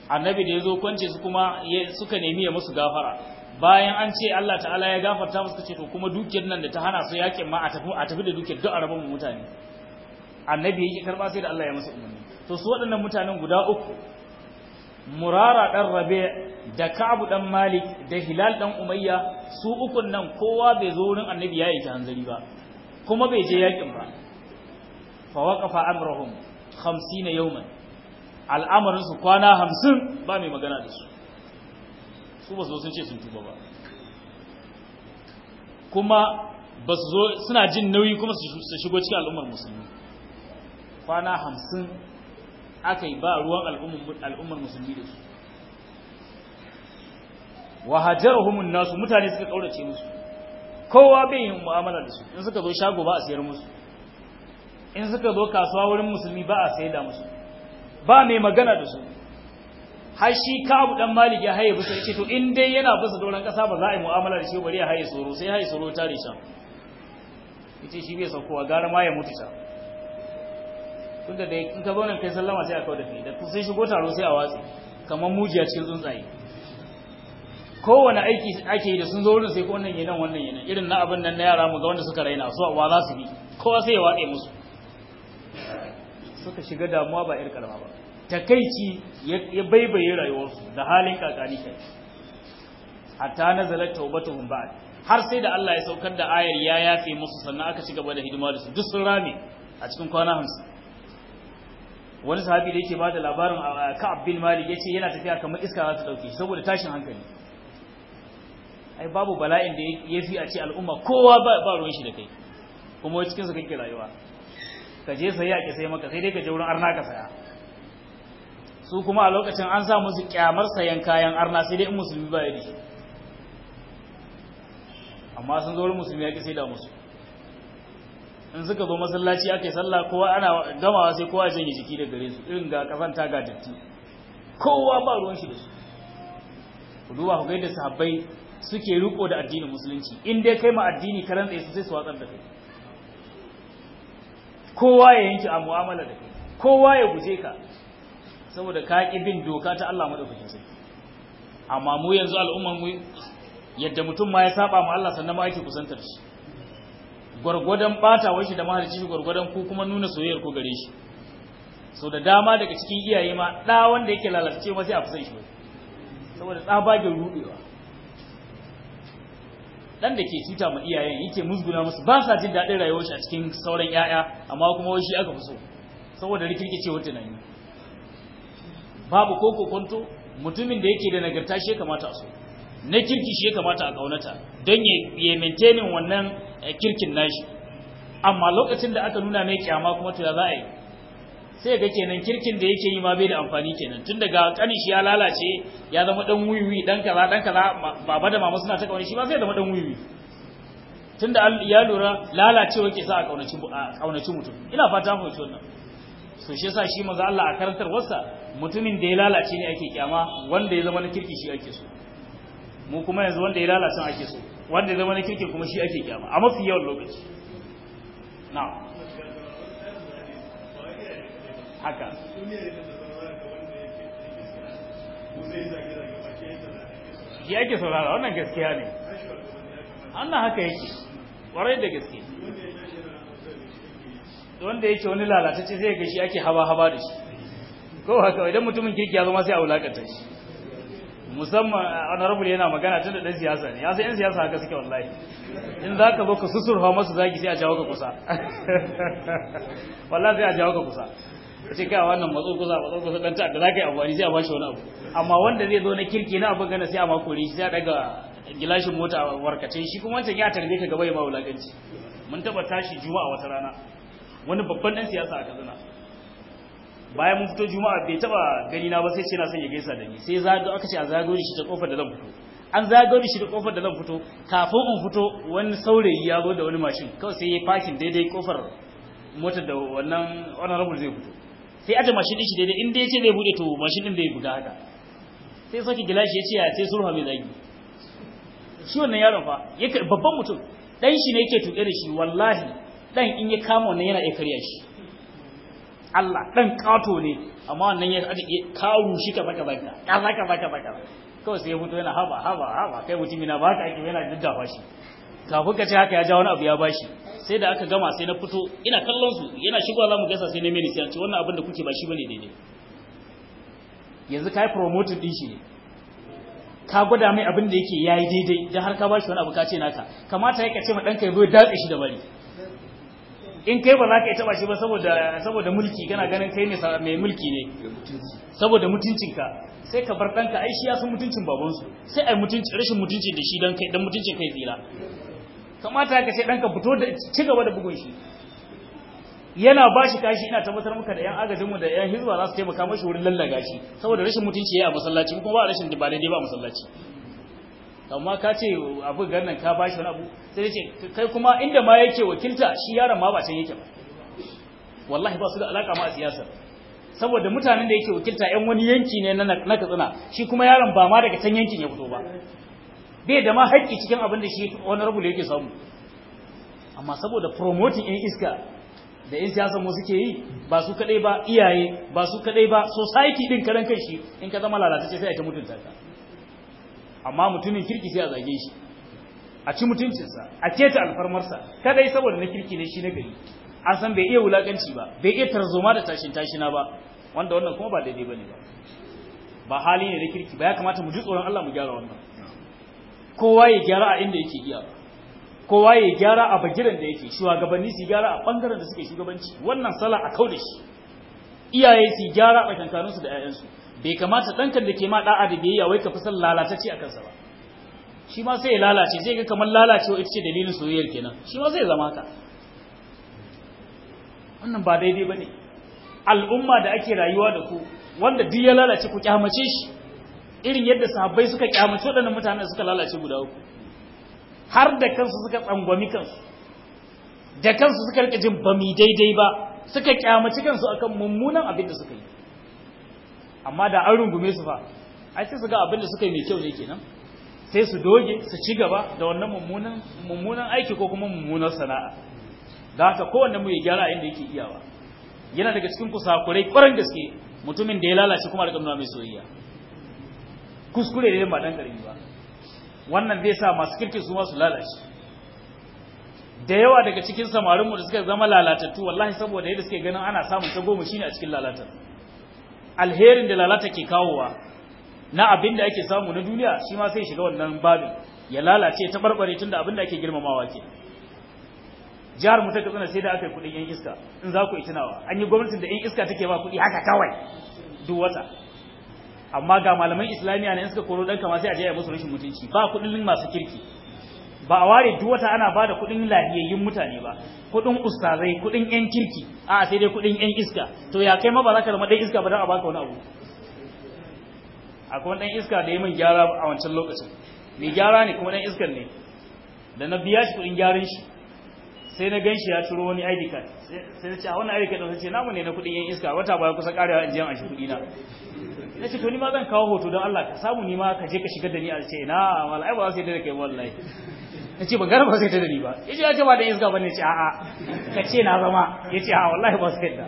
annabi da ya zo kwance su kuma suka nemi ya musu gafara bayan an ce Allah ta'ala ya gafarta musu ce to kuma dukiyar nan da ta hana su yakin ma a tafi a tafi da dukiyar duk rabon mutane annabi yake karba sai da Allah ya musu umarni to su waɗannan mutanen guda uku murara ɗan rabe da ka'abu ɗan malik da hilal ɗan umayya su ukun nan kowa bai zo wurin annabi ya yi ta hanzari ba kuma bai je yakin ba fa waqafa amrahum 50 yawman al'amarin su kwana 50 ba mai magana da su su ba su sun ce sun tuba ba kuma ba su zo suna jin nauyi kuma su shigo cikin al'ummar musulmi kwana 50 aka yi ba ruwan al'ummar musulmi da su wa hajaruhumun nasu mutane suka kaurace musu kowa bai yin mu'amala da su in suka zo shago ba a sayar musu in suka zo kasuwa wurin musulmi ba a sayar da musu ba mai magana da su har shi kabu dan malik ya haye bisa ce to in dai yana bisa doron kasa ba za a yi mu'amala da shi bari ya haye tsoro sai haye tsoro ta rishan ita shi bai saukowa gara ma ya mutu ta tunda da in ka zo nan kai sallama sai a kawo da kai da sai shigo taro sai a watsi kamar mujiya cikin tsuntsaye kowane aiki ake yi da sun zo wurin sai ko wannan yanan wannan yanan irin na abin nan na yara mu ga wanda suka raina su wa za su bi kowa sai ya watsa musu suka shiga damuwa ba irin karama ba takaici ya baibaye rayuwarsu da halin kakani kai hatta nazala tawbatuhum ba'd har sai da Allah ya saukar da ayar ya yafe musu sannan aka ci gaba da hidima da su duk sun rame a cikin kwana 50 wani sahabi da yake ba da labarin a ka'ab bin malik ya ce yana tafiya kamar iska za ta dauke saboda tashin hankali ai babu bala'in da ya fi a ce al'umma kowa ba ruwan shi da kai kuma wai cikinsa kake rayuwa ka je sayi a sai maka sai dai ka je wurin arna ka saya su kuma a lokacin an sa musu kyamar sayan kayan arna sai dai in musulmi ba ya dace, amma sun zo wurin musulmi ya ki sai da musu in suka zo masallaci ake sallah kowa ana gamawa sai kowa janye jiki da gare su irin ga kafanta ga datti kowa ba ruwan shi da su ku duba ku gaida sahabbai suke riko da addinin musulunci in dai kai ma addini karan tsaye su sai su watsar da kai kowa ya yanke a mu'amala da kai kowa ya guje ka saboda ka ki bin doka ta Allah madaukakin sarki amma mu yanzu al'umman mu yadda mutum ma ya saba ma Allah sannan ma ake kusantar shi gwargwadon bata shi da mahalicci gwargwadon ku kuma nuna soyayyar ku gare shi so da dama daga cikin iyaye ma ɗa wanda yake lalace ma sai a fusan shi saboda tsabagen rubewa dan da ke cuta ma iyayen yake musguna musu ba sa jin daɗin rayuwar shi a cikin sauran 'ya'ya amma kuma wai shi aka fi so saboda na tunani babu ko kokonto mutumin da yake da nagarta shi kamata a so na kirki shi kamata a kaunata don ya maintainin wannan Eh, kirkin nashi amma lokacin da aka nuna mai kyama kuma to za a yi sai ga kenan kirkin da yake yi ma bai da amfani kenan tun daga kanishi ya lalace ya zama dan wiwi dan kaza dan kaza baba da mama suna ta kauna shi ba sai zama dan wiwi tun da ya lura lalacewa ke sa a kaunaci mutum ina fata mu ce wannan so shi yasa shi maza Allah a karantar wasa mutumin da ya lalace ne ake kyama wanda ya zama na kirki shi ake so mu kuma yanzu wanda ya lalace ake so wanda zama na kirkin kuma shi ake kyama a mafi yawan lokaci na haka ya ake saurara wannan gaskiya ne annan haka yake warai da gaske wanda yake wani lalatacce zai ga shi ake haba-haba da shi ko haka idan mutumin kirki ya zama sai a wulakata shi musamman eh, honorable yana magana tun da ɗan siyasa ne ya sai yan siyasa haka suke wallahi in za ka zo ka susurfa masu zagi sai a jawo ka kusa wallahi sai a jawo ka kusa a ce kai wannan matso kusa matso kusa dan ta za ka yi amfani sai a bashi wani abu amma wanda zai zo na kirki na abin gana sai a makore shi sai a daga gilashin mota a warkace shi kuma wancan ya tarbe ka gaba ya ba wulaƙanci mun taɓa tashi juma'a wata rana wani babban ɗan siyasa a Kaduna bayan mun fito juma'a bai taba gani na ba sai ce na son ya gaisa da ni sai zago aka ce a zago shi ta kofar da zan fito an zago shi ta kofar da zan fito kafin in fito wani saurayi ya zo da wani mashin kawai sai ya parking daidai kofar motar da wannan honorable zai fito sai aje mashin din shi daidai in dai ce zai bude to mashin din zai buga haka sai saki gilashi ya ce ya sai surha mai zagi shi wannan yaron fa babban mutum dan shi ne yake tuke da shi wallahi dan in ya kama wannan yana iya karya shi Allah dan kato ne amma wannan ya kawo shi ka baka baka ka baka baka baka kawai sai ya fito yana haba haba haba kai mutumi na baka ake yana daddafa shi kafin ka ce haka ya ja wani abu ya bashi sai da aka gama sai na fito ina kallon su yana shigowa zamu gaisa sai na mene sai ce wannan abin da kuke ba shi bane daidai yanzu kai promoted din shi ne ka gwada mai abin da yake yayi daidai dan har ka bashi wani abu ka ce naka kamata ka ce ma danka ya zo ya datse shi da bari in kai ba za ka yi taba shi ba saboda mulki kana ganin kai ne mai mulki ne saboda mutuncinka sai ka bar ɗanka ai shi ya san mutuncin babansu sai ai mutunci rashin mutunci da shi dan kai dan mutuncin kai zira kamata ka sai ɗanka fito da ci gaba da bugun shi yana ba shi kashi ina tabbatar muka da yan agajinmu da yan hizba za su taimaka mashi wurin lallaga shi saboda rashin mutunci ya a masallaci kuma ba rashin dibalai dai ba a masallaci amma ka ce abu gannan ka bashi wani abu sai ce kai kuma inda ma yake wakilta shi yaron ma ba can yake ba wallahi ba su da alaka ma a siyasa saboda mutanen da yake wakilta yan wani yanki ne na katsina shi kuma yaron ba ma daga can yankin ya fito ba bai da ma haƙƙi cikin abin da shi wani rabu yake samu amma saboda promoting in iska da 'yan siyasa mu suke yi ba su kadai ba iyaye ba su kadai ba society din karan kanshi in ka zama lalatacce sai ta mutunta ka amma mutumin kirki sai a zage shi a ci mutuncinsa a keta alfarmarsa kadai saboda na kirki ne shi na gari an san bai iya wulakanci ba bai iya tarzoma da tashin tashina ba wanda wannan kuma ba daidai ba ne ba ba hali ne na kirki ba ya kamata mu ji tsoron Allah mu gyara wannan kowa ya gyara a inda yake iya kowa ya gyara a bagiran da yake shugabanni su gyara a bangaren da suke shugabanci wannan sala a da shi iyaye su gyara a kankaninsu da 'ya'yansu bai kamata ɗankan da ke ma ɗa'a da biyayya wai ka fi son lalatacce a kansa ba shi ma sai ya lalace zai ga kamar lalacewa ita ce dalilin soyayyar kenan shi ma zai zama haka wannan ba daidai ba ne al'umma da ake rayuwa da ku wanda duk ya lalace ku kyamace shi irin yadda sahabbai suka kyamace waɗannan mutanen suka lalace guda uku har da kansu suka tsangwami kansu da kansu suka rika jin ba mi daidai ba suka kyamace kansu akan mummunan abin da suka yi amma da an rungume su fa ai sai su ga abin da suka yi mai kyau ne kenan sai su doge su ci gaba da wannan mummunan mummunan aiki ko kuma mummunar sana'a da haka kowanne mu ya gyara inda yake iyawa yana daga cikin kusakurai kwarin gaske mutumin da ya lalace kuma da nuna mai soyayya kuskure ne ba dan karbi ba wannan zai sa masu kirki su ma su lalace da yawa daga cikin samarin mu da suka zama lalatattu wallahi saboda yadda suke ganin ana samun ta goma shine a cikin lalatattu alherin da lalata ke kawowa na abin da ake samu na duniya shi ma sai shiga wannan babin ya lalace ta barbare tunda abin da ake girmamawa ke jihar mu ta katsina sai da aka yi kudin yan iska in za ku yi tunawa an yi gwamnatin da yan iska take ba kudi haka kawai duk wata amma ga malaman islamiya ne in suka koro dan kama sai a je musu rashin mutunci ba kudin masu kirki ba a ware duk wata ana bada kuɗin lahiyayyun mutane ba kuɗin ustazai kuɗin yan kirki a sai dai kuɗin yan iska to ya kai ma ba za ka zama dai iska ba dan a baka wani abu akwai dan iska da ya min gyara a wancan lokacin mai gyara ne kuma dan iskan ne da na biya shi kuɗin gyaran shi sai na ganshi ya turo wani ID card sai na ce a wannan ID card sai ce namu ne na kudin yan iska wata baya kusa karewa in je an shi kudi na na ce to ni ma zan kawo hoto don Allah ka samu ni ma ka je ka shigar da ni a ce na wallahi ba sai da kai wallahi na ce ban gara ba sai da ni ba yace ce ya ce ba da iska ba ne ce a'a ka ce na zama yace ce a wallahi ba sai da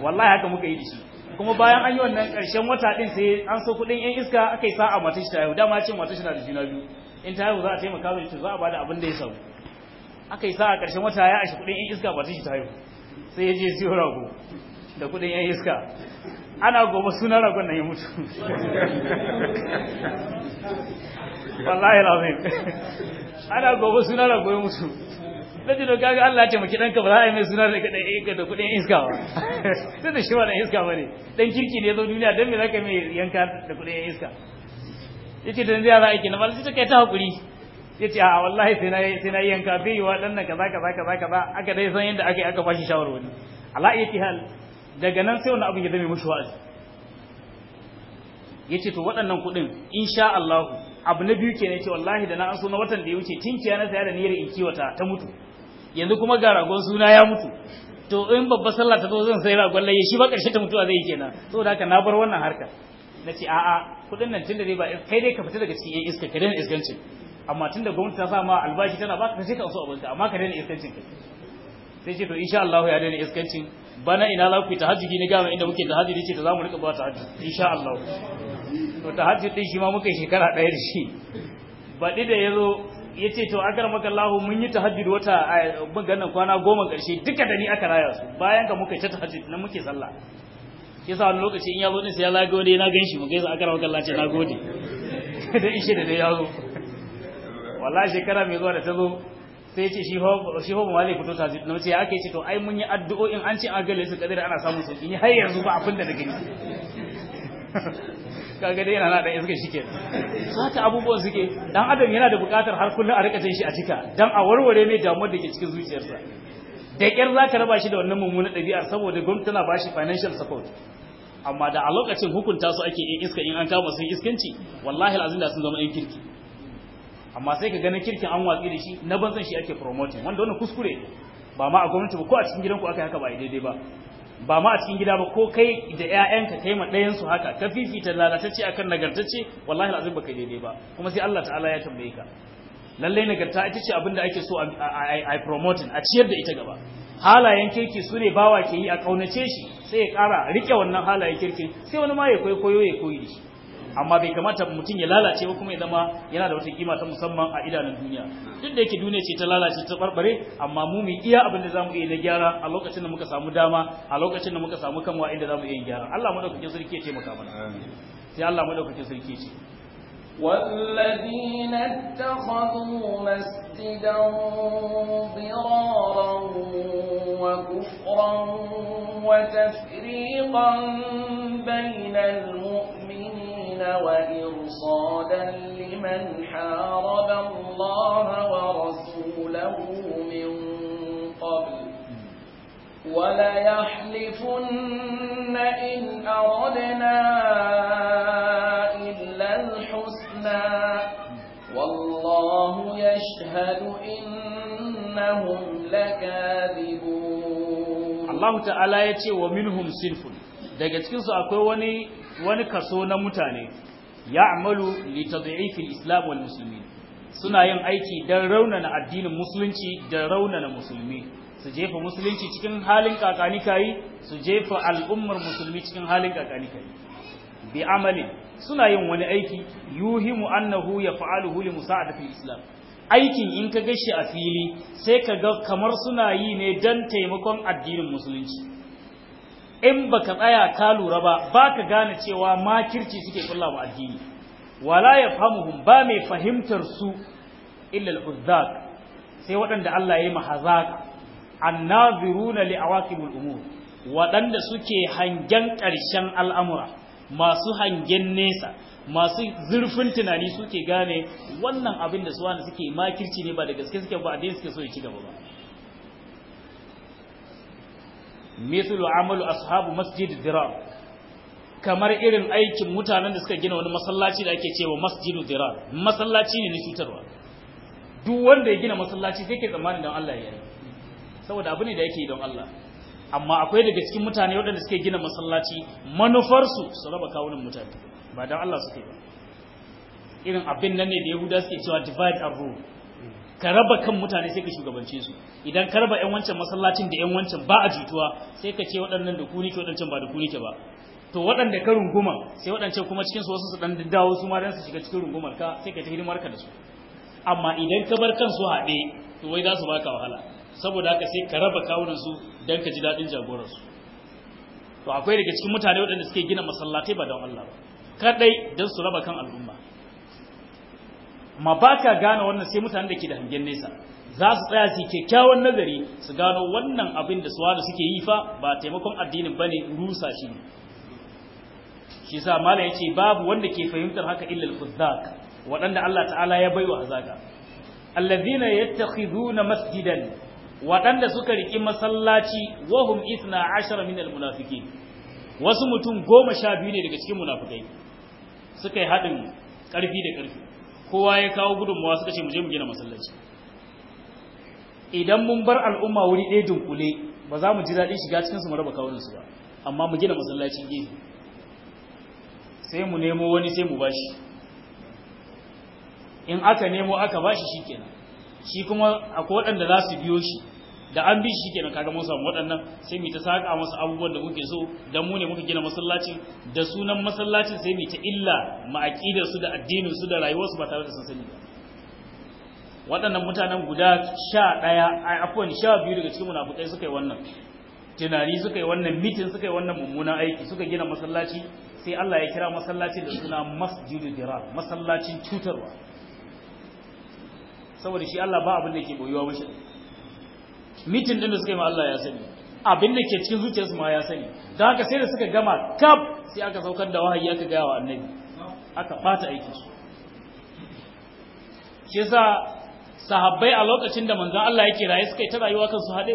wallahi haka muka yi shi kuma bayan an yi wannan karshen wata ɗin sai an so kudin yan iska akai sa'a matashi ta yau dama ce matashi na da juna biyu in ta yau za a taimaka mai to za a bada abin da ya samu aka yi sa a ƙarshen wata ya ashe kudin yan iska ba shi tayo sai ya je siyo rago da kudin yan iska ana gobe sunan ragon nan ya mutu wallahi lazim ana gobe sunan rago ya mutu Lati da kaga Allah ce maki danka ba za a yi mai suna da kaɗan yanka da kuɗin iska ba. Sai da shi ba iska ba ne. Dan kirki ne ya zo duniya don me za ka mai yanka da kuɗin iska. Ita da ya za a yi kenan ba sai ta kai ta haƙuri. ya ce a wallahi sai na yanka bai wa ɗan nan kaza kaza kaza kaza aka dai san yadda aka yi aka bashi shawarwari ala iya hal daga nan sai wani abin ya zame mushi wa'azi ya ce to waɗannan kuɗin insha Allah abu na biyu ke ne ce wallahi da na an so na watan da ya wuce tinkiya na saya da niyyar in kiwata ta mutu yanzu kuma ga ragon suna ya mutu to in babba sallah ta zo zan sai ragon laye shi ba ƙarshe ta mutuwa zai kenan saboda haka na bar wannan harka. na ce a'a kuɗin nan tun da dai ba kai dai ka fita daga cikin iska ka daina isgancin amma tunda gwamnati ta sa ma albashi tana baka sai ka so ka amma ka daina iskancin ka sai ce to insha Allah ya daina iskancin bana ina za ku yi tahajjudi ne gama inda muke tahajjudi ce ta za mu rika ba tahajjudi insha Allah to tahajjud din shi ma muka yi shekara ɗaya da shi baɗi da ya zo ya ce to akar maka lahu mun yi tahajjud wata a maganan kwana goma ƙarshe duka da ni aka raya su bayan ka muka yi ta tahajjud nan muke sallah shi sa wani lokaci in ya zo din sai ya lagode na gan shi mu gaisa akar maka lahu ce na gode da ishe da dai ya zo wallahi shekara mai zuwa da ta zo sai ce shi shi ho mawali fito ta na ya ake ce to ai mun yi addu'o'in an ce an gale su kadira ana samun sauki ni har yanzu ba abin da gani kaga dai yana na dan iska shike haka abubuwan suke dan adam yana da bukatar har kullun a rika jin shi a cika dan a warware mai damuwar da ke cikin zuciyarsa da kyar zaka raba shi da wannan mummunan ɗabi'ar saboda gwamnati tana bashi financial support amma da a lokacin hukunta su ake iska in an kama sun iskanci wallahi alazim da sun zama yan kirki amma sai ka ganin kirkin an watsi da shi na banzan shi ake promoting wanda wannan kuskure ba ma a gwamnati ba ko a cikin gidan ku aka haka ba daidai ba ba ma a cikin gida ba ko kai da ka kai ma ɗayan su haka ka fifita lalatacce akan nagartacce wallahi alazim baka daidai ba kuma sai Allah ta'ala ya tambaye ka lalle nagarta ita ce abin da ake so a promoting a ciyar da ita gaba halayen kirki su ne bawa ke yi a kaunace shi sai ya ƙara rike wannan halayen kirkin, sai wani ma ya koyo ya koyi da shi amma bai kamata mutum ya lalace ba kuma ya zama yana da wata kima ta musamman a idanun duniya duk da yake duniya ce ta lalace ta barbare amma mu mu iya abin da zamu iya na gyara a lokacin da muka samu dama a lokacin da muka samu kanwa inda zamu iya gyara Allah madaukakin sarki ya ce maka mana sai Allah madaukakin sarki ya ce والذين اتخذوا مسجدا ضرارا وكفرا وتفريقا بين المؤمنين الْمُؤْمِنِينَ وَإِرْصَادًا لِمَنْ حَارَبَ اللَّهَ وَرَسُولَهُ مِنْ قَبْلُ وَلَيَحْلِفُنَّ إِنْ أَرَدْنَا إِلَّا الْحُسْنَى وَاللَّهُ يَشْهَدُ إِنَّهُمْ لَكَاذِبُونَ Allah ta'ala ya ce wa minhum sinfun daga cikinsu akwai wani wani kaso na mutane ya li tad'if al-islam wal muslimin suna yin aiki dan raunana addinin musulunci da raunana musulmi su jefa musulunci cikin halin kakani su jefa al'ummar musulmi cikin halin kakani bi amali suna yin wani aiki yuhimu annahu yaf'aluhu li musa'adati al-islam aikin in ka gashi a fili sai ka ga kamar suna yi ne dan taimakon addinin musulunci in baka tsaya ka lura ba ba ka gane cewa makirci suke kulla wa addini wala ya hum ba mai fahimtar su illa al-uzzaq sai waɗanda Allah ya yi mahazaka annaziruna li awaqibul umur waɗanda suke hangen ƙarshen al'amura masu hangen nesa masu zurfin tunani suke gane wannan abin da suwa suke makirci ne ba da gaske suke ba addini suke so ya ci gaba ba mithlu amalu ashabu masjid dirar kamar irin aikin mutanen da suka gina wani masallaci da ake cewa masjidu dirar masallaci ne na cutarwa duk wanda ya gina masallaci sai ke tsammanin don Allah ya yi saboda abu ne da yake yi don Allah amma akwai daga cikin mutane waɗanda suke gina masallaci manufarsu su raba kawunan mutane ba don Allah suke ba irin abin nan ne da yahuda suke cewa divide and rule ka raba kan mutane sai ka shugabance su idan ka raba 'yan wancan masallacin da 'yan wancan ba a jituwa sai ka ce waɗannan da kuni ke waɗancan ba da kuni ke ba to waɗanda ka runguma sai waɗancan kuma cikin su wasu su ɗan dawo su ma dan su shiga cikin rungumar ka sai ka ta hidimar ka da su amma idan ka bar kansu haɗe to wai za su baka wahala saboda haka sai ka raba kawunan su dan ka ji daɗin jagorar su to akwai daga cikin mutane waɗanda suke gina masallatai ba don Allah ba kadai dan su raba kan al'umma ma ba ka gane wannan sai mutanen da ke da hangen nesa za su tsaya su kyakkyawan nazari su gano wannan abin da suwa da suke yi fa ba taimakon addinin ba ne rusa shi ne shi sa mala ce babu wanda ke fahimtar haka illa kuzak waɗanda Allah ta'ala ya baiwa azaka alladhina yattakhiduna masjidan Waɗanda suka riƙi masallaci wahum ashara min al-munafiqin wasu mutum goma sha biyu ne daga cikin munafikai suka yi haɗin ƙarfi da ƙarfi. kowa ya kawo gudunmawa suka ce mu je mu gina masallaci idan mun bar al'umma wuri ɗaya dunkule ba za mu ji daɗin shiga cikin su mu raba kawunansu ba amma mu gina masallaci gefe sai mu nemo wani sai mu bashi in aka nemo aka bashi shikenan shi kuma akwai waɗanda za su biyo shi da an bi shi kenan kaga mun samu waɗannan sai mu ta saka masa abubuwan da muke so dan mu ne muka gina masallaci da sunan masallacin sai mu ta illa ma aqidar su da addinin su da rayuwar su ba tare da sun sani ba waɗannan mutanen guda 11 afwan 12 daga cikin munafikai suka yi wannan tunani suka yi wannan mitin suka yi wannan mummunan aiki suka gina masallaci sai Allah ya kira masallaci da suna masjidu dirar masallacin cutarwa saboda shi Allah ba abin da ke boyuwa mashi mitin din da suka yi ma Allah ya sani abin da ke cikin zuciyarsu ma ya sani don haka sai da suka gama kaf sai aka saukar da wahayi aka gaya wa annabi aka bata aiki su shi yasa sahabbai a lokacin da manzon Allah yake raye suka yi ta rayuwa kansu haɗe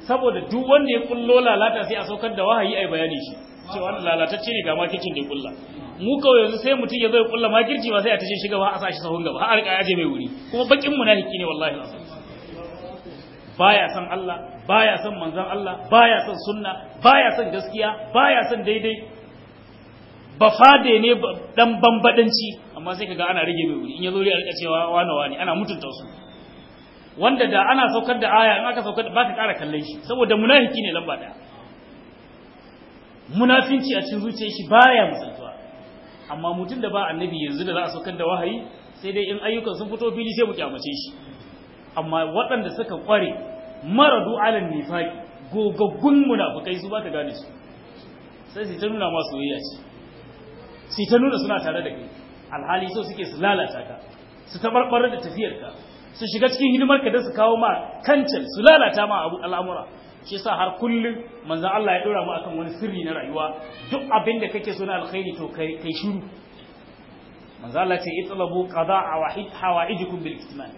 saboda duk wanda ya kullo lalata sai a saukar da wahayi ai bayani shi cewa wannan lalatacce ne ga makircin da kulla mu kawai yanzu sai mutum ya zo ya kulla makirci ba sai a tashi shiga ba a sa shi sahun gaba har ka aje mai wuri kuma bakin munafiki ne wallahi baya son Allah baya son manzon Allah baya son sunna baya son gaskiya baya son daidai ba fade ne dan bambadanci amma sai kaga ana rage mai wuri in yazo rika cewa wani wani ana mutunta su wanda da ana saukar da aya in aka saukar da baka ƙara kallon shi saboda munafiki ne lamba daya munafinci a cikin zuciyar shi baya musaltuwa amma mutum da ba annabi yanzu da za a saukar da wahayi sai dai in ayyukan sun fito fili sai mu kyamace shi amma waɗanda suka ƙware maradu alal nifaqi gogaggun munafikai su ba ka gane su sai su ta nuna ma soyayya ce su ta nuna suna tare da kai alhali so suke su lalata ka su tabarbarar da tafiyar ka su shiga cikin hidimar ka da su kawo ma kancan su lalata ma abu al'amura shi yasa har kullum manza Allah ya dora mu akan wani sirri na rayuwa duk abin da kake so na alkhairi to kai kai shiru manzon Allah ya ce itlabu qada'a wa hawa'ijikum bil kitman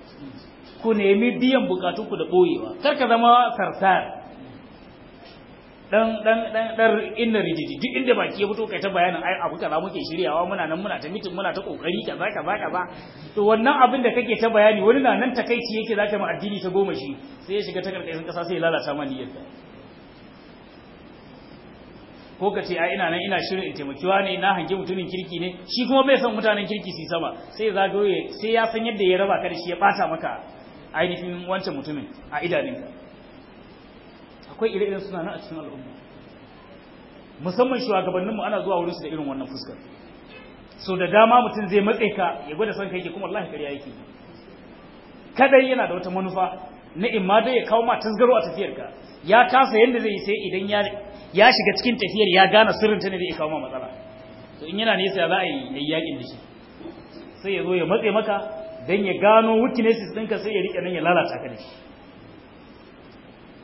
ku nemi biyan bukatunku da boyewa kar ka zama sarsar dan dan dan dan inna rijiji duk inda baki ya fito kai ta bayanin ai abu kaza muke shiryawa muna nan muna ta mitin muna ta kokari kaza kaza kaza to wannan abin da kake ta bayani wani na nan takeici yake zaka ma addini ta goma shi sai ya shiga ta karkashin kasa sai ya lalata ma yadda. ko ka ce ai ina nan ina shirin in taimakiwa ne na hange mutumin kirki ne shi kuma bai son mutanen kirki su sama sai ya zagaye sai ya san yadda ya raba ka da shi ya bata maka ainihin wancan mutumin a idanin akwai ire-iren suna nan a cikin al'umma musamman shugabanninmu ana zuwa wurinsu da irin wannan fuskar so da dama mutum zai matse ka ya gwada son kai ke kuma wallahi kariya yake kadai yana da wata manufa na imma dai ya kawo ma tasgaro a tafiyar ka ya kasa yadda zai yi sai idan ya shiga cikin tafiyar ya gane sirrinta ne zai kawo ma matsala to in yana nesa za a yi yayyakin yakin da shi sai ya zo ya matse maka don ya gano weaknesses ɗinka sai ya riƙe nan ya lalata ka da shi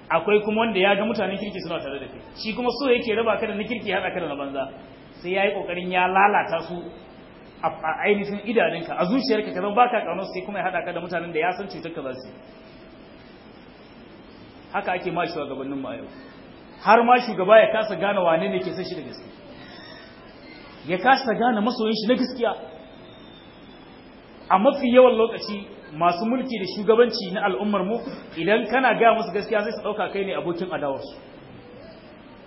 akwai kuma wanda ya ga mutanen kirki suna tare da kai shi kuma so yake raba ka da na kirki haɗa ka da na banza sai ya yi ƙoƙarin ya lalata su a ainihin idanunka a zuciyarka ka zama ba ka ƙaunar sai kuma ya haɗa ka da mutanen da ya san cutar ka za su haka ake ma shugabannin gabanin ma yau har ma shugaba ya kasa gane wane ne ke son shi da gaske ya kasa gane masoyin shi na gaskiya a mafi yawan lokaci masu mulki da shugabanci na al'ummar mu idan kana ga musu gaskiya zai su dauka kai ne abokin su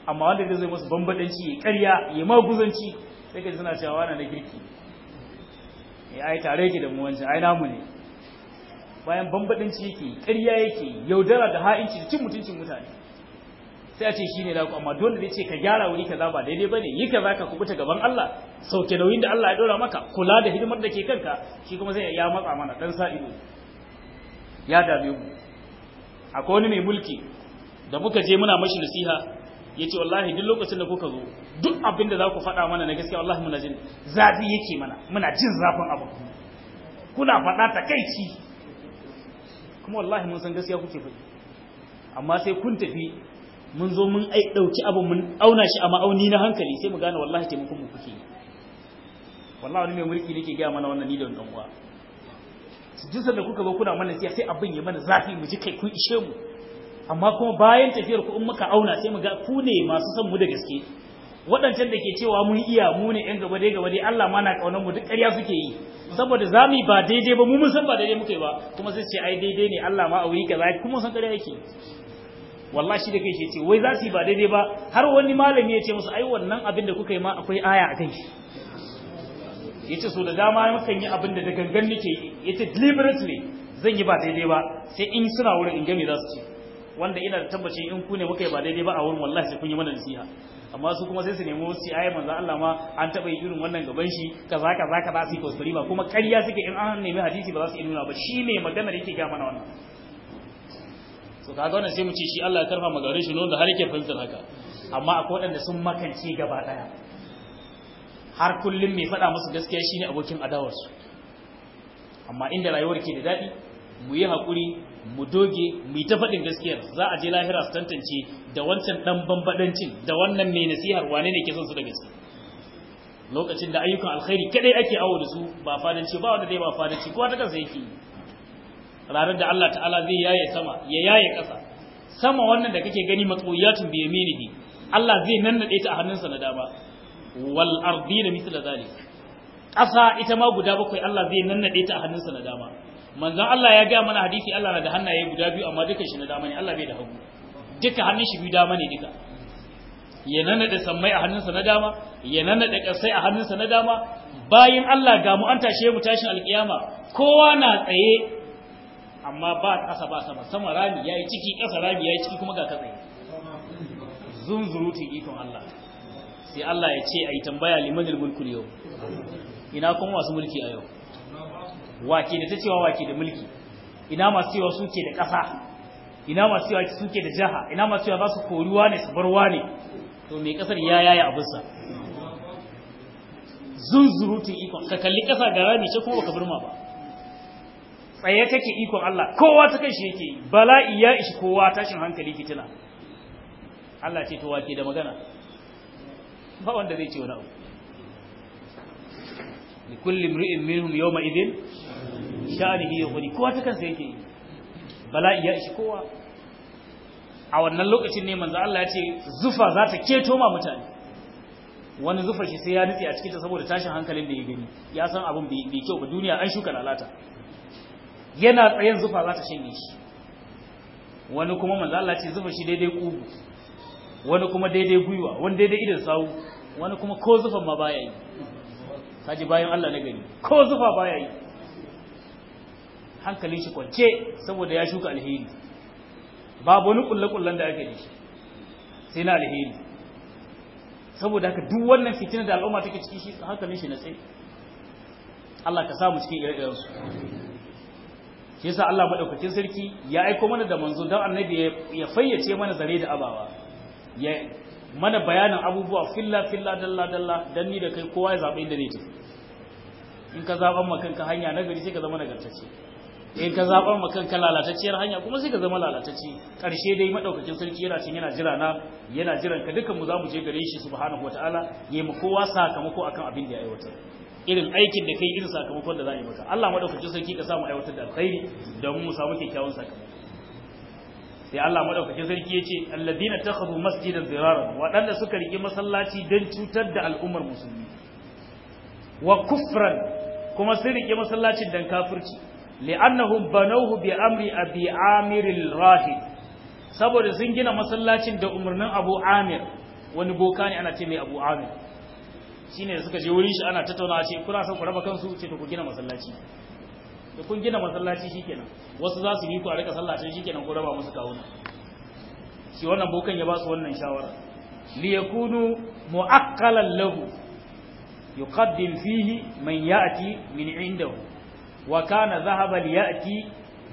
amma wanda zai musu bambadanci ya karya ya maguzanci sai ka suna cewa wani na girki ya eh, ai tare ki da mu wancan ai namu ne bayan bambadanci yake karya yake yaudara da ha'inci da cin mutuncin mutane sai a ce shi ne naku amma dole zai ce ka gyara wuri kaza ba daidai ba ne yi ka za ka kubuta gaban Allah sauke nauyin da Allah ya ɗora maka kula da hidimar da ke kanka shi kuma zai ya matsa mana ɗan sa ido ya dame mu akwai wani mai mulki da muka je muna mashi nasiha ya ce wallahi duk lokacin da kuka zo duk abin da za ku faɗa mana na gaskiya wallahi muna jin zafi yake mana muna jin zafin abu kuna faɗa takaici kuma wallahi mun san gaskiya kuke faɗi amma sai kun tafi mun zo mun ai dauki abu mun auna shi a ma'auni na hankali sai mu gane wallahi taimakon mu kuke wallahi wani mai mulki nake ga mana wannan ni da dan uwa sujjisar da kuka zo kuna mana siya sai abin ya mana zafi mu ji kai kun ishe mu amma kuma bayan tafiyar ku in muka auna sai mu ga ku ne masu son mu da gaske waɗancan da ke cewa mun iya mu ne ƴan gaba dai gaba dai Allah ma na kaunar mu duk ƙarya suke yi saboda zami ba daidai ba mu mun san ba daidai muke ba kuma sai ce ai daidai ne Allah ma a wuri kaza kuma san ƙarya yake wallahi shi da kai shi ce wai za su yi ba daidai ba har wani malami ya ce musu ai wannan abin da kuka yi ma akwai aya a kai Ya ce so da dama mukan yi abin da da gangan nake ce deliberately zan yi ba daidai ba sai in suna wurin in za su ce wanda ina da tabbacin in ku ne muka yi ba daidai ba a wurin wallahi sai kun yi mana nasiha amma su kuma sai su nemo su ayi manzo Allah ma an taba yi irin wannan gaban shi kaza kaza kaza su yi kuskure ba kuma ƙarya suke in an nemi hadisi ba za su iya nuna ba shi ne maganar yake ga mana wannan to ka sai mu ce shi Allah ya karfa mu gare shi ne da har yake fahimtar haka amma akwai waɗanda sun makance gaba ɗaya. har kullum mai faɗa musu gaskiya shine abokin adawarsu amma inda rayuwar ke da daɗi mu yi haƙuri mu doge mu yi ta faɗin gaskiyar za a je lahira su tantance da wancan ɗan bambadancin da wannan mai nasihar wane ne ke son su da gaske lokacin da ayyukan alkhairi kaɗai ake awo da su ba fadanci ba wanda dai ba fadanci kowa ta kansa yake yi ranar da Allah ta'ala zai yaye sama ya yaye ƙasa sama wannan da kake gani matsuyatun bi yaminihi Allah zai nannade ta a hannunsa na dama wal ardina mithla zalik ƙasa ita ma guda bakwai Allah zai nannade ta a hannunsa na dama manzon Allah ya ga mana hadisi Allah na da hannaye guda biyu amma dukan shi na dama ne Allah bai da hagu duka hannun shi biyu dama ne duka ya nanade sammai a hannunsa na dama ya nanade kasai a hannunsa na dama bayin Allah ga mu an tashe mu tashin alkiyama kowa na tsaye amma ba ƙasa ba sama sama rami yayi ciki ƙasa rami yayi ciki kuma ga katsaye zunzurutun ikon Allah sai Allah ya ce a yi tambaya limanil mulkul yau ina kuma wasu mulki a yau wake da ta cewa wake da mulki ina masu cewa suke da ƙasa ina masu cewa suke da jaha ina masu cewa za su koruwa ne su barwa ne to mai ƙasar ya yaya abinsa zunzurutun ikon ka kalli ƙasa ga rami ce kuma baka birma ba tsaye kake ikon Allah kowa ta kai shi yake bala'i ya ishi kowa tashin hankali fitina Allah ce to wake da magana ba wanda zai ce wani abu li kulli imri'in minhum yawma idin sha'anihi yughni kowa ta kansa yake bala'i ya ishi kowa a wannan lokacin ne manzo Allah ya ce zufa za ta keto ma mutane wani zufa shi sai ya nutse a cikin ta saboda tashin hankalin da ya gani ya san abin bai kyau ba duniya an shuka lalata yana tsayen zufa za ta shanye shi wani kuma manzo ce zufa shi daidai kugu wani kuma daidai gwiwa wani daidai idan sawu wani kuma ko zufa ma baya yi Saji bayan Allah na gani. ko zufa baya yi hankalin shi kwance saboda ya shuka alheri babu wani kullakullan da aka yi sai na alheri saboda haka duk wannan fitina da al'umma take ciki shi hankalin shi na sai Allah ka samu cikin ire-irensu shi yasa Allah madaukakin sarki ya aiko mana da manzo dan annabi ya fayyace mana zare da abawa ya mana bayanin abubuwa filla filla dalla dalla dan ni da kai kowa ya zabe inda ne tafi in ka zaban ma kanka hanya na gari sai ka zama nagartacce in ka zaban ma kanka lalatacciyar hanya kuma sai ka zama lalatacce karshe dai madaukakin sarki yana cin yana jira na yana jiran ka dukan mu za mu je gare shi subhanahu wataala yayi mu kowa sakamako akan abin da ya aiwatar irin aikin da kai irin sakamakon da za a yi maka Allah madaukakin sarki ka samu aiwatar da alkhairi domin mu samu kyakkyawan sakamako sai Allah madaukakin sarki yace alladina takhadhu masjidan zirara Waɗanda suka rike masallaci don cutar da al'ummar musulmi wa kufran kuma sun rike masallacin dan kafirci li'annahum banawhu bi amri abi amir al-rahib saboda sun gina masallacin da umarnin Abu Amir wani boka ne ana ce mai Abu Amir shi da suka je wurin shi ana tattaunawa ce kuna son ku raba kansu ce to ku gina masallaci da kun gina masallaci kenan wasu za su yi ku a rika sallah shi kenan ku raba musu kawuna shi wannan bokan ya ba su wannan shawara li yakunu mu'aqqalan lahu yuqaddim fihi man ya'ti min indahu wa kana dhahaba li ya'ti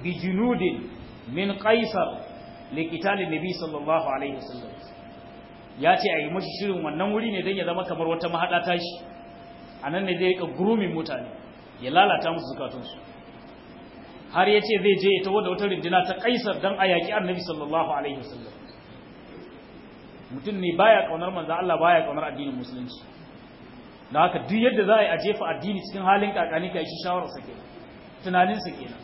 bi junudin min qaisar liqital nabi sallallahu alaihi wasallam ya ce a yi mashi shirin wannan wuri ne don ya zama kamar wata mahaɗa tashi a nan ne zai rika gurumin mutane ya lalata musu zukatunsu har ya ce zai je ya taho da wata rindina ta kaisar don a yaƙi annabi sallallahu alaihi wasallam mutum ne baya kaunar manzo Allah baya kaunar addinin musulunci da haka duk yadda za a yi jefa addini cikin halin kakani ka shi shawarar sa kenan tunanin kenan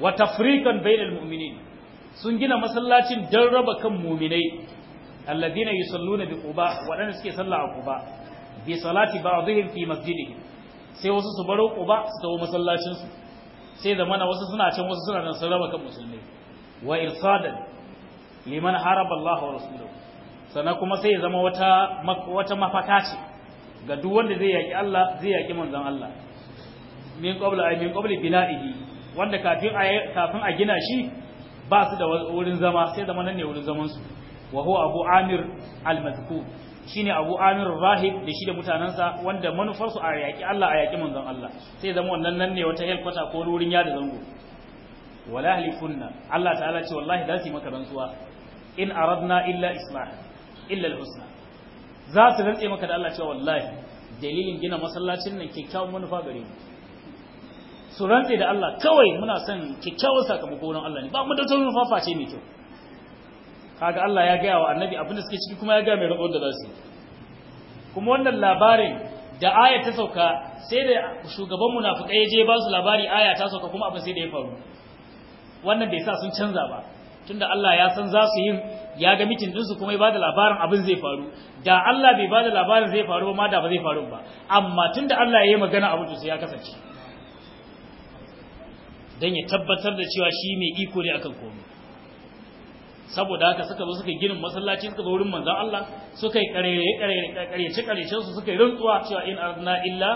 wa tafriqan bainal mu'minin sun gina masallacin don raba kan muminai alladhina yusalluna bi quba wadanda suke sallah a quba bi salati ba'dihim fi masjidihi sai wasu su baro quba su dawo masallacin su sai da mana wasu suna can wasu suna nan sun raba kan musulmai wa irsadan liman haraba Allah wa rasuluhu sana kuma sai ya zama wata wata mafaka ce ga duk wanda zai yaki Allah zai yaki manzon Allah min qabla ay min qabli bina'ihi wanda kafin kafin a gina shi ba su da wurin zama sai zama nan ne wurin zaman su wa huwa abu amir al mazku shine abu amir rahib da shi da mutanansa wanda manufar su a yaki Allah a yaki manzon Allah sai zama wannan nan ne wata helkwata ko wurin yada zango wala halifunna Allah ta'ala ce wallahi za su yi maka rantsuwa in aradna illa islah illa al-husna za su rantse maka da Allah ce wallahi dalilin gina masallacin nan kyakkyawan manufa gare mu su rantse da Allah kawai muna son kyakkyawar sakamako don Allah ne ba mu da taurin faface mai kyau kaga Allah ya gaya wa annabi abin da suke ciki kuma ya gaya mai rabon da za su yi kuma wannan labarin da aya ta sauka sai da shugaban munafikai ya je ba su labari aya ta sauka kuma abin sai da ya faru wannan bai sa sun canza ba tunda Allah ya san za su yin ya ga mitin dinsu kuma ya bada labarin abin zai faru da Allah bai bada labarin zai faru ba ma da ba zai faru ba amma tunda Allah ya yi magana abin to sai ya kasance don ya tabbatar da cewa shi mai iko ne akan komi saboda haka suka zo suka ginin masallaci suka zo wurin manzon Allah suka yi karyace karyace su suka yi rantsuwa cewa in arna illa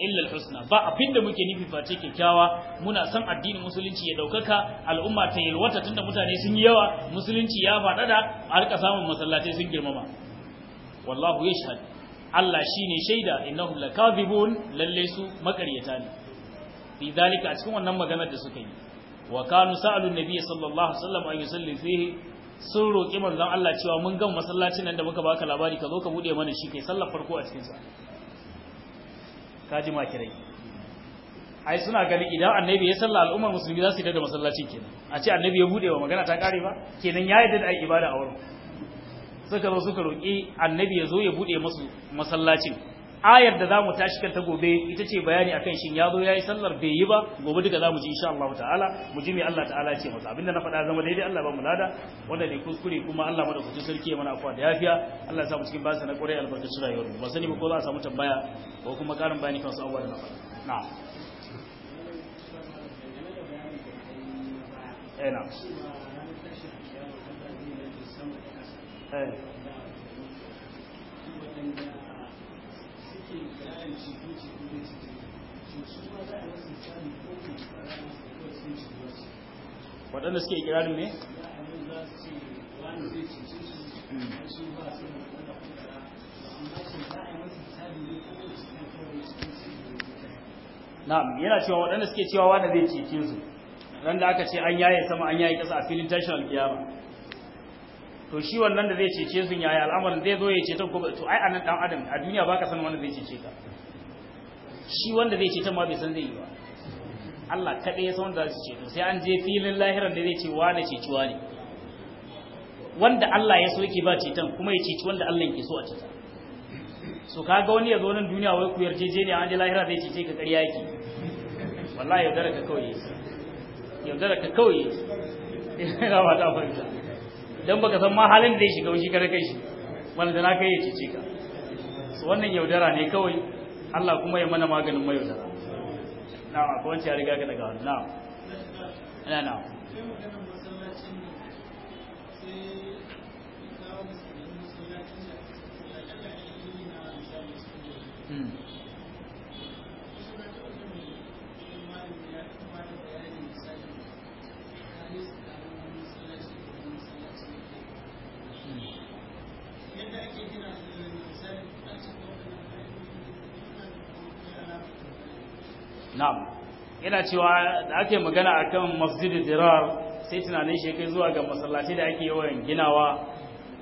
illa alhusna ba abin da muke nufi face kyakkyawa muna son addinin musulunci ya daukaka al'umma ta yalwata tunda mutane sun yi yawa musulunci ya faɗaɗa a rika samun masallatai sun girmama wallahu yashhad Allah shine shaida innahum lakazibun lalle su makaryata ne fi dalika a cikin wannan maganar da suka yi wa kanu sa'alun nabiyyi sallallahu alaihi wasallam an yusalli fihi sun roƙi manzon Allah cewa mun ga masallacin nan da muka baka labari ka zo ka bude mana shi kai sallar farko a cikin sa kaji makirai ai suna ganin idan annabi ya salla al'ummar musulmi za su yi da masallacin kenan a ce annabi ya bude wa magana ta kare ba kenan ya yi da ai ibada a wurin suka zo suka roƙi annabi ya zo ya bude musu masallacin ayar da zamu tashi kanta gobe ita ce bayani akan shin ya zo yayi sallar bai yi ba gobe duka zamu ji insha Allah ta'ala mu ji me Allah ta'ala ya ce masa abinda na faɗa zama daidai Allah ba mu lada wanda ne kuskure kuma Allah kuce sarki ya mana afwa da yafiya Allah ya sa mu cikin basa na ƙure albarkacin rayuwar mu ba sani ba ko za a samu tambaya ko kuma karin bayani kan su abubuwa da na faɗa na'am Thank eh, you. Eh. waɗanda suke ikirarin ne? yana cewa waɗanda suke cewa wanda zai cece su ran da aka ce an yaye sama an yaye ƙasa a filin tashin alkiyama to shi wannan da zai cece su yaya al'amarin zai zo ya tan ko to ai anan dan adam a duniya baka san wanda zai cece ka shi wanda zai cece ma bai san zai yi ba Allah kaɗai ya san wanda zai cece sai an je filin lahiran da zai ce wane ceciwa ne wanda Allah ya so yake ba tan kuma ya ceci wanda Allah yake so a ceta so kaga wani ya zo nan duniya wai ku yarjejeniya an je lahira zai cece ka ƙarya yake wallahi yaudara ka kawai yaudara ka kawai yaudara ka kawai don baka san ma halin da ya shiga wani kare kai shi wanda na kai ya cice ka wannan yaudara ne kawai Allah kuma ya mana maganin mai yaudara na akwai wancan ya riga ka daga wani na'am ina na'am Hmm. yana cewa da ake magana akan masjidul dirar sai tunanin shi kai zuwa ga masallaci da ake yawan ginawa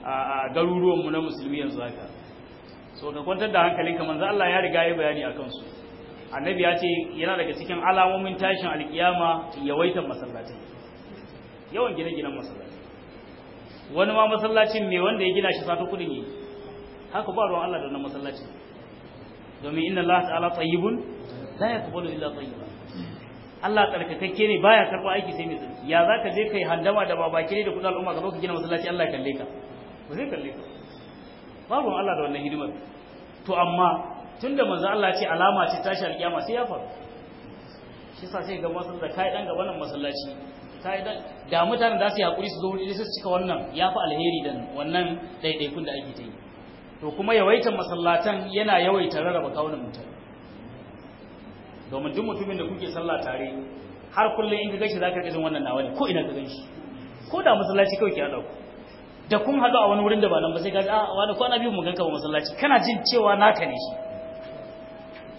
a garuruwanmu na musulmi yanzu haka so ga kwantar da hankalinka manzo Allah ya riga ya bayani a kansu, annabi ya ce yana daga cikin alamomin tashin alkiyama yawaita masallaci yawan gine-ginen masallaci wani ma masallacin me wanda ya gina shi sata kudin yi haka ba ruwan Allah da wannan masallacin domin inna Allah ta'ala tayyibun la yaqbalu illa tayyiba Allah tsarkakakke ne baya karɓar aiki sai mai tsarki ya za ka je kai handama da babaki da kudin al'umma ka zo ka gina masallaci Allah ya kalle ka ba zai kalle ka ba ruwan Allah da wannan hidimar to amma tunda manzo Allah ce alama ce tashi alƙiyama sai ya faru shi sa sai ga wasu da kai dan gaban masallaci kai dan da mutanen da su yi hakuri su zo wuri sai su cika wannan yafi alheri dan wannan daidaikun da ake ta yi to kuma yawaitan masallatan yana yawaita rarraba kawunan mutane domin duk mutumin da kuke sallah tare har kullum in ka gashi zaka ga jin wannan nawa ne ko ina ka ganshi ko da masallaci kawai ke hada ku da kun hadu a wani wurin da ba nan ba sai ka ji a wani kwana biyu mu ganka ba masallaci kana jin cewa naka ne shi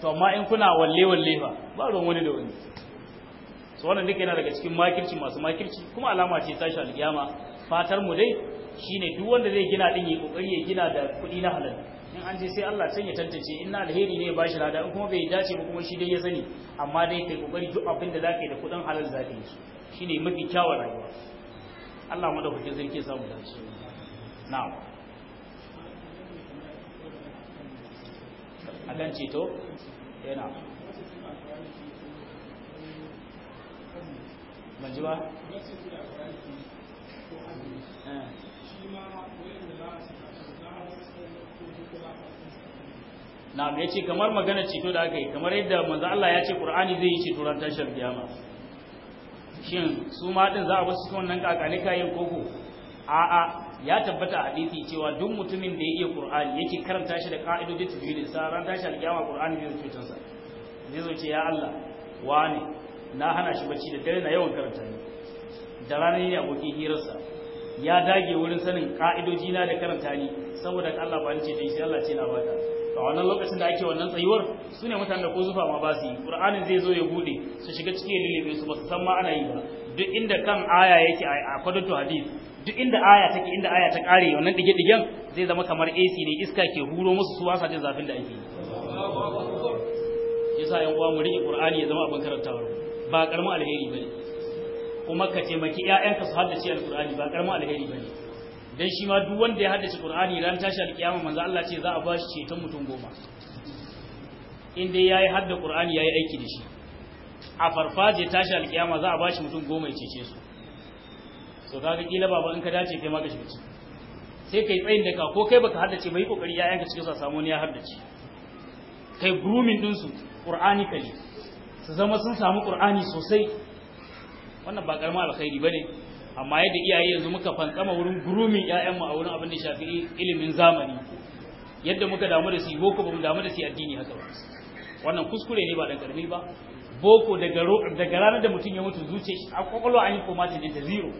to amma in kuna walle walle fa ba ruwan wani da wani so wannan duk yana daga cikin makirci masu makirci kuma alama ce tashi alkiyama fatar mu dai shine duk wanda zai gina din yi kokari ya gina da kuɗi na halal in an je sai Allah can ya tantance in na alheri ne ba bashi lada in kuma bai dace ba kuma shi dai ya sani amma dai kai kokari duk abin da zaka yi da kudin halal zaka yi shine mafi kyawun rayuwa Allah mu da kuke ke samu dace na'am akan ceto yana eh, manji ba? Eh. shi ma koyar da ba su na'am yace kamar magana ceto da aka yi kamar yadda manzo Allah ya ce Qur'ani zai yi ceto ran tashar kiyama shin su ma din za a basu cikin wannan kakani kayan koko a a ya tabbata a hadisi cewa duk mutumin da ya iya Qur'ani yake karanta shi da ka'idodi tajwid sa ran tashar kiyama Qur'ani zai ceto sa zai zo ce ya Allah wani na hana shi bacci da dare na yawan karanta ni da ranar ne abokin hirarsa ya dage wurin sanin ka'idoji na da karanta ni saboda Allah ba ni ce sai Allah ce na baka a wannan lokacin da ake wannan tsayuwar su ne mutanen da ko zufa ma ba su yi kur'anin zai zo ya bude su shiga ciki ya lilibe su ba su san ma ana yi ba duk inda kan aya yake a kwadatu hadith duk inda aya take inda aya ta kare wannan dige-digen zai zama kamar AC ne iska ke huro musu su wasa jin zafin da ake yi yasa yan uwa mu rike kur'ani ya zama abin karantawa ba karamin alheri bane kuma ka taimaki ƴaƴanka su haddace alkur'ani ba karamin alheri bane dan shi ma duk wanda ya haddace Qur'ani ran tashi alkiyama manzo Allah ce za a ba shi ceton mutum goma in dai yayi hadda Qur'ani yayi aiki da shi a farfaje tashi alkiyama za a ba shi mutum goma ya cece su so kaga kila baba in ka dace kai ma ka shiga sai kai tsayin da ka ko kai baka haddace mai kokari ya yanka cikin sa samu ne ya haddace kai grooming din su Qur'ani kali su zama sun samu Qur'ani sosai wannan ba karamar alkhairi bane amma yadda iyaye yanzu muka fantsama wurin gurumin ƴaƴanmu a wurin abin da shafi ilimin zamani yadda muka damu da su boko ba mu damu da su addini haka ba wannan kuskure ne ba dan karami ba boko daga ranar da mutum ya mutu zuce a kwakwalwa an yi koma ta da zero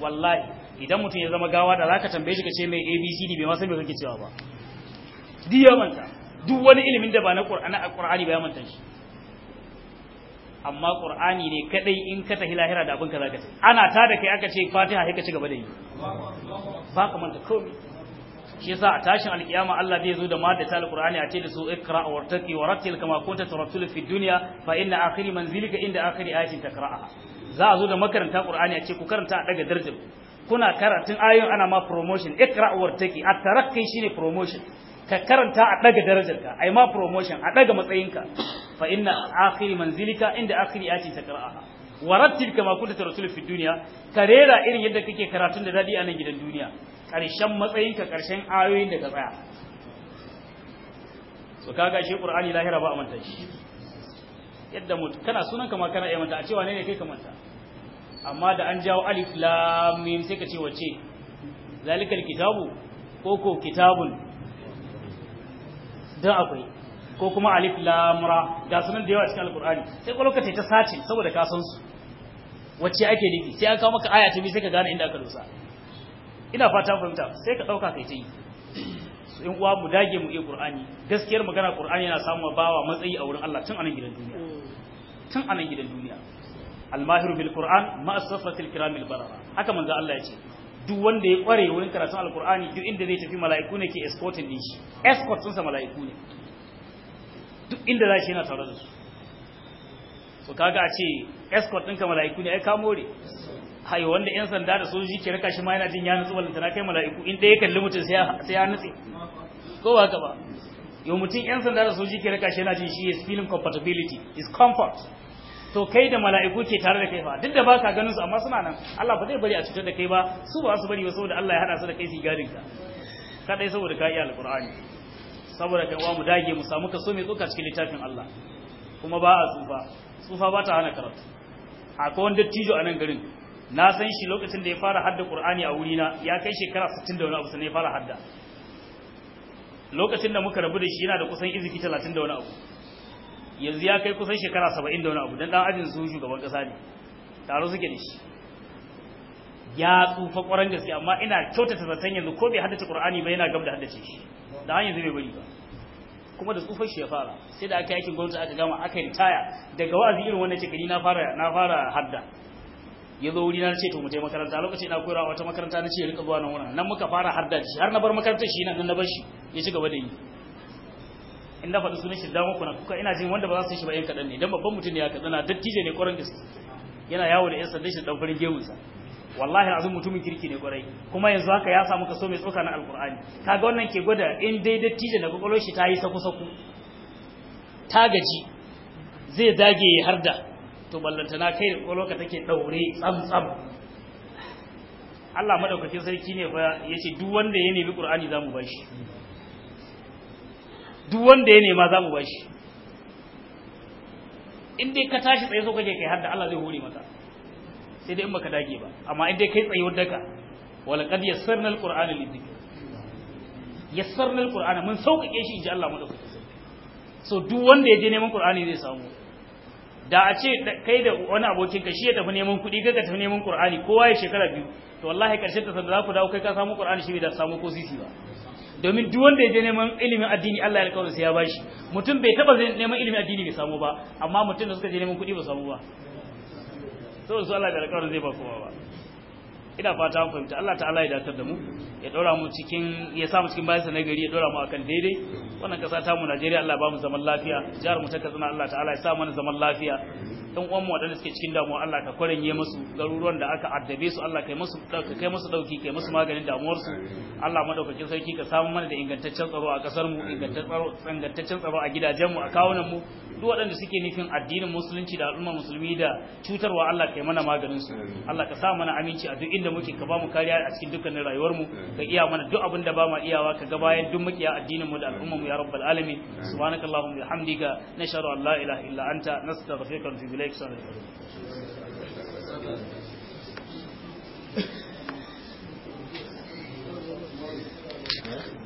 wallahi idan mutum ya zama gawa da zaka tambaye shi ka ce mai abcd bai ma san me kake cewa ba manta duk wani ilimin da ba na qur'ani ba ya manta shi amma qur'ani ne kadai in ka ta lahira da abin ka zaka ce ana ta da kai aka ce fatiha sai ka ci gaba da yi ba ka manta komai shi yasa a tashin alkiyama Allah zai zo da madata alqur'ani a ce da su ikra wa wa warattil kama kunta duniya fi dunya fa inna akhiri manzilika inda akhiri ayatin takra'aha za a zo da makaranta qur'ani a ce ku karanta a daga darajar kuna karatun ayoyin ana ma promotion ikra wartaqi at-tarakki shine promotion ka karanta a daga darajarka ai ma promotion a daga matsayinka fa inna akhiri manzilika inda akhiri ati taqra'aha warattil kama kunta rasul fi dunya karera irin yadda kake karatun da dadi a nan gidan duniya karshen matsayinka karshen ayoyin da ka tsaya so kaga shi qur'ani lahira ba a shi yadda mutu kana sunan kama kana yi manta a cewa ne ne kai ka manta amma da an jawo alif lam mim sai ka ce wace zalikal kitabu koko kitabun da akwai ko kuma alif lam ra ga sunan da yawa cikin alqur'ani sai ko lokaci ta sace saboda ka san su wacce ake nufi sai an kawo maka aya ta bi sai ka gane inda aka dosa ina fata fahimta sai ka dauka kai ta yi in uwa mu dage mu iya qur'ani gaskiyar magana qur'ani yana samu bawa matsayi a wurin Allah tun anan gidan duniya tun anan gidan duniya al-mahiru bil qur'an ma kiramil barara haka manzo Allah ya ce duk wanda ya kware wurin karatun alkur'ani duk inda zai tafi mala'iku ne ke escorting din shi escort sun mala'iku ne duk inda za shi yana tare da su so kaga a ce escort ɗinka mala'iku ne ai ka more hayo wanda yan sanda da sojoji ke raka shi ma yana jin ya nutsu balanta na kai mala'iku in ɗaya kalli mutum sai ya nutse ko ba ka ba yau mutum yan sanda da sojoji ke raka shi yana jin shi is feeling compatibility is comfort to kai da mala'iku ke tare da kai fa duk da baka ganin su amma suna nan Allah ba zai bari a cutar da kai ba su ba su bari ba saboda Allah ya hada su da kai su gadin ka kadai saboda ka yi alqur'ani saboda kai wa mu dage mu samu ka kaso mai tsoka cikin littafin Allah kuma ba a tsufa tsufa ba ta hana karatu akwai wanda dattijo a nan garin na san shi lokacin da ya fara hadda qur'ani a wuri na ya kai shekara 60 da wani abu sai ya fara hadda lokacin da muka rabu da shi yana da kusan iziki 30 da wani abu yanzu ya kai kusan shekara saba'in da wani abu don ɗan'ajin sun shugaban ƙasa ne taro suke da shi ya tsufa ƙwarar gaske amma ina kyautata zaton yanzu ko bai haddace qur'ani ba yana gab da haddace shi da hanyar yanzu bai bari ba kuma da tsufar shi ya fara sai da aka yi aikin gwamnati aka gama aka yi taya. daga wa'azi irin wannan ce na fara na fara hadda ya zo wuri na ce to mu je makaranta lokacin na koyarwa wata makaranta na ce ya rika zuwa nan wannan nan muka fara hadda shi har na bar makarantar shi nan na bar shi ya ci gaba da yi in na faɗi sunan shi da muku na kuka ina jin wanda ba za su shi ba yan kaɗan ne dan babban mutum ne ya kaɗana dattijo ne ƙwarar gaske yana yawo da yan sandan shi dan farin gemunsa wallahi azum mutumin kirki ne kwarai kuma yanzu haka ya samu kaso mai tsoka na Alƙur'ani kaga wannan ke gwada in dai dattijo da kwakwalwar shi ta yi saku saku ta gaji zai dage ya harda to ballantana kai da kwakwalwar ka take daure tsam tsam Allah madaukakin sarki ne fa yace duk wanda ya nemi qur'ani zamu bashi duk wanda ya nema za mu ba shi in dai ka tashi tsaye so kake kai har da Allah zai hore maka sai dai in baka dage ba amma in dai kai tsaye wadda ka qad yassarna alquran lidhikr yassarna alquran mun sauƙaƙe shi inji Allah madaukaki so duk wanda ya je neman qur'ani zai samu da a ce kai da wani abokin ka shi ya tafi neman kuɗi kai ka tafi neman qur'ani kowa ya shekara biyu to wallahi karshe ta sanda za ku dawo kai ka samu qur'ani shi bai da samu ko sisi ba domin duk wanda ya je neman ilimin addini Allah ya alƙawarin sai ya bashi mutum bai taba neman ilimin addini bai samu ba amma mutum da suka je neman kuɗi ba samu ba to su Allah ya alƙawarin zai ba kowa ba ina fata an fahimta Allah ta'ala ya datar da mu ya daura mu cikin ya sa mu cikin bayansa na gari ya daura mu akan daidai wannan kasa ta mu Najeriya Allah ba mu zaman lafiya jihar mu ta Katsina Allah ta'ala ya sa mana zaman lafiya ɗan uwan waɗanda suke cikin damuwa Allah ka kwarenye musu garuruwan da aka addabe su Allah kai musu kai musu dauki kai musu maganin damuwar su Allah madaukakin sarki ka samu mana da ingantaccen tsaro a kasar mu ingantaccen tsaro a gidajen mu a kawunan mu duk waɗanda suke nufin addinin musulunci da al'ummar musulmi da cutarwa Allah kai mana maganin su Allah ka sa mana aminci a duk inda muke ka ba mu kariya a cikin dukkanin rayuwar mu ka iya mana duk abin da ba mu iyawa ka ga bayan duk mukiya addinin mu da al'ummar mu ya rabbal alamin subhanakallahumma bihamdika nashhadu an la ilaha illa anta nastaghfiruka wa takes on it.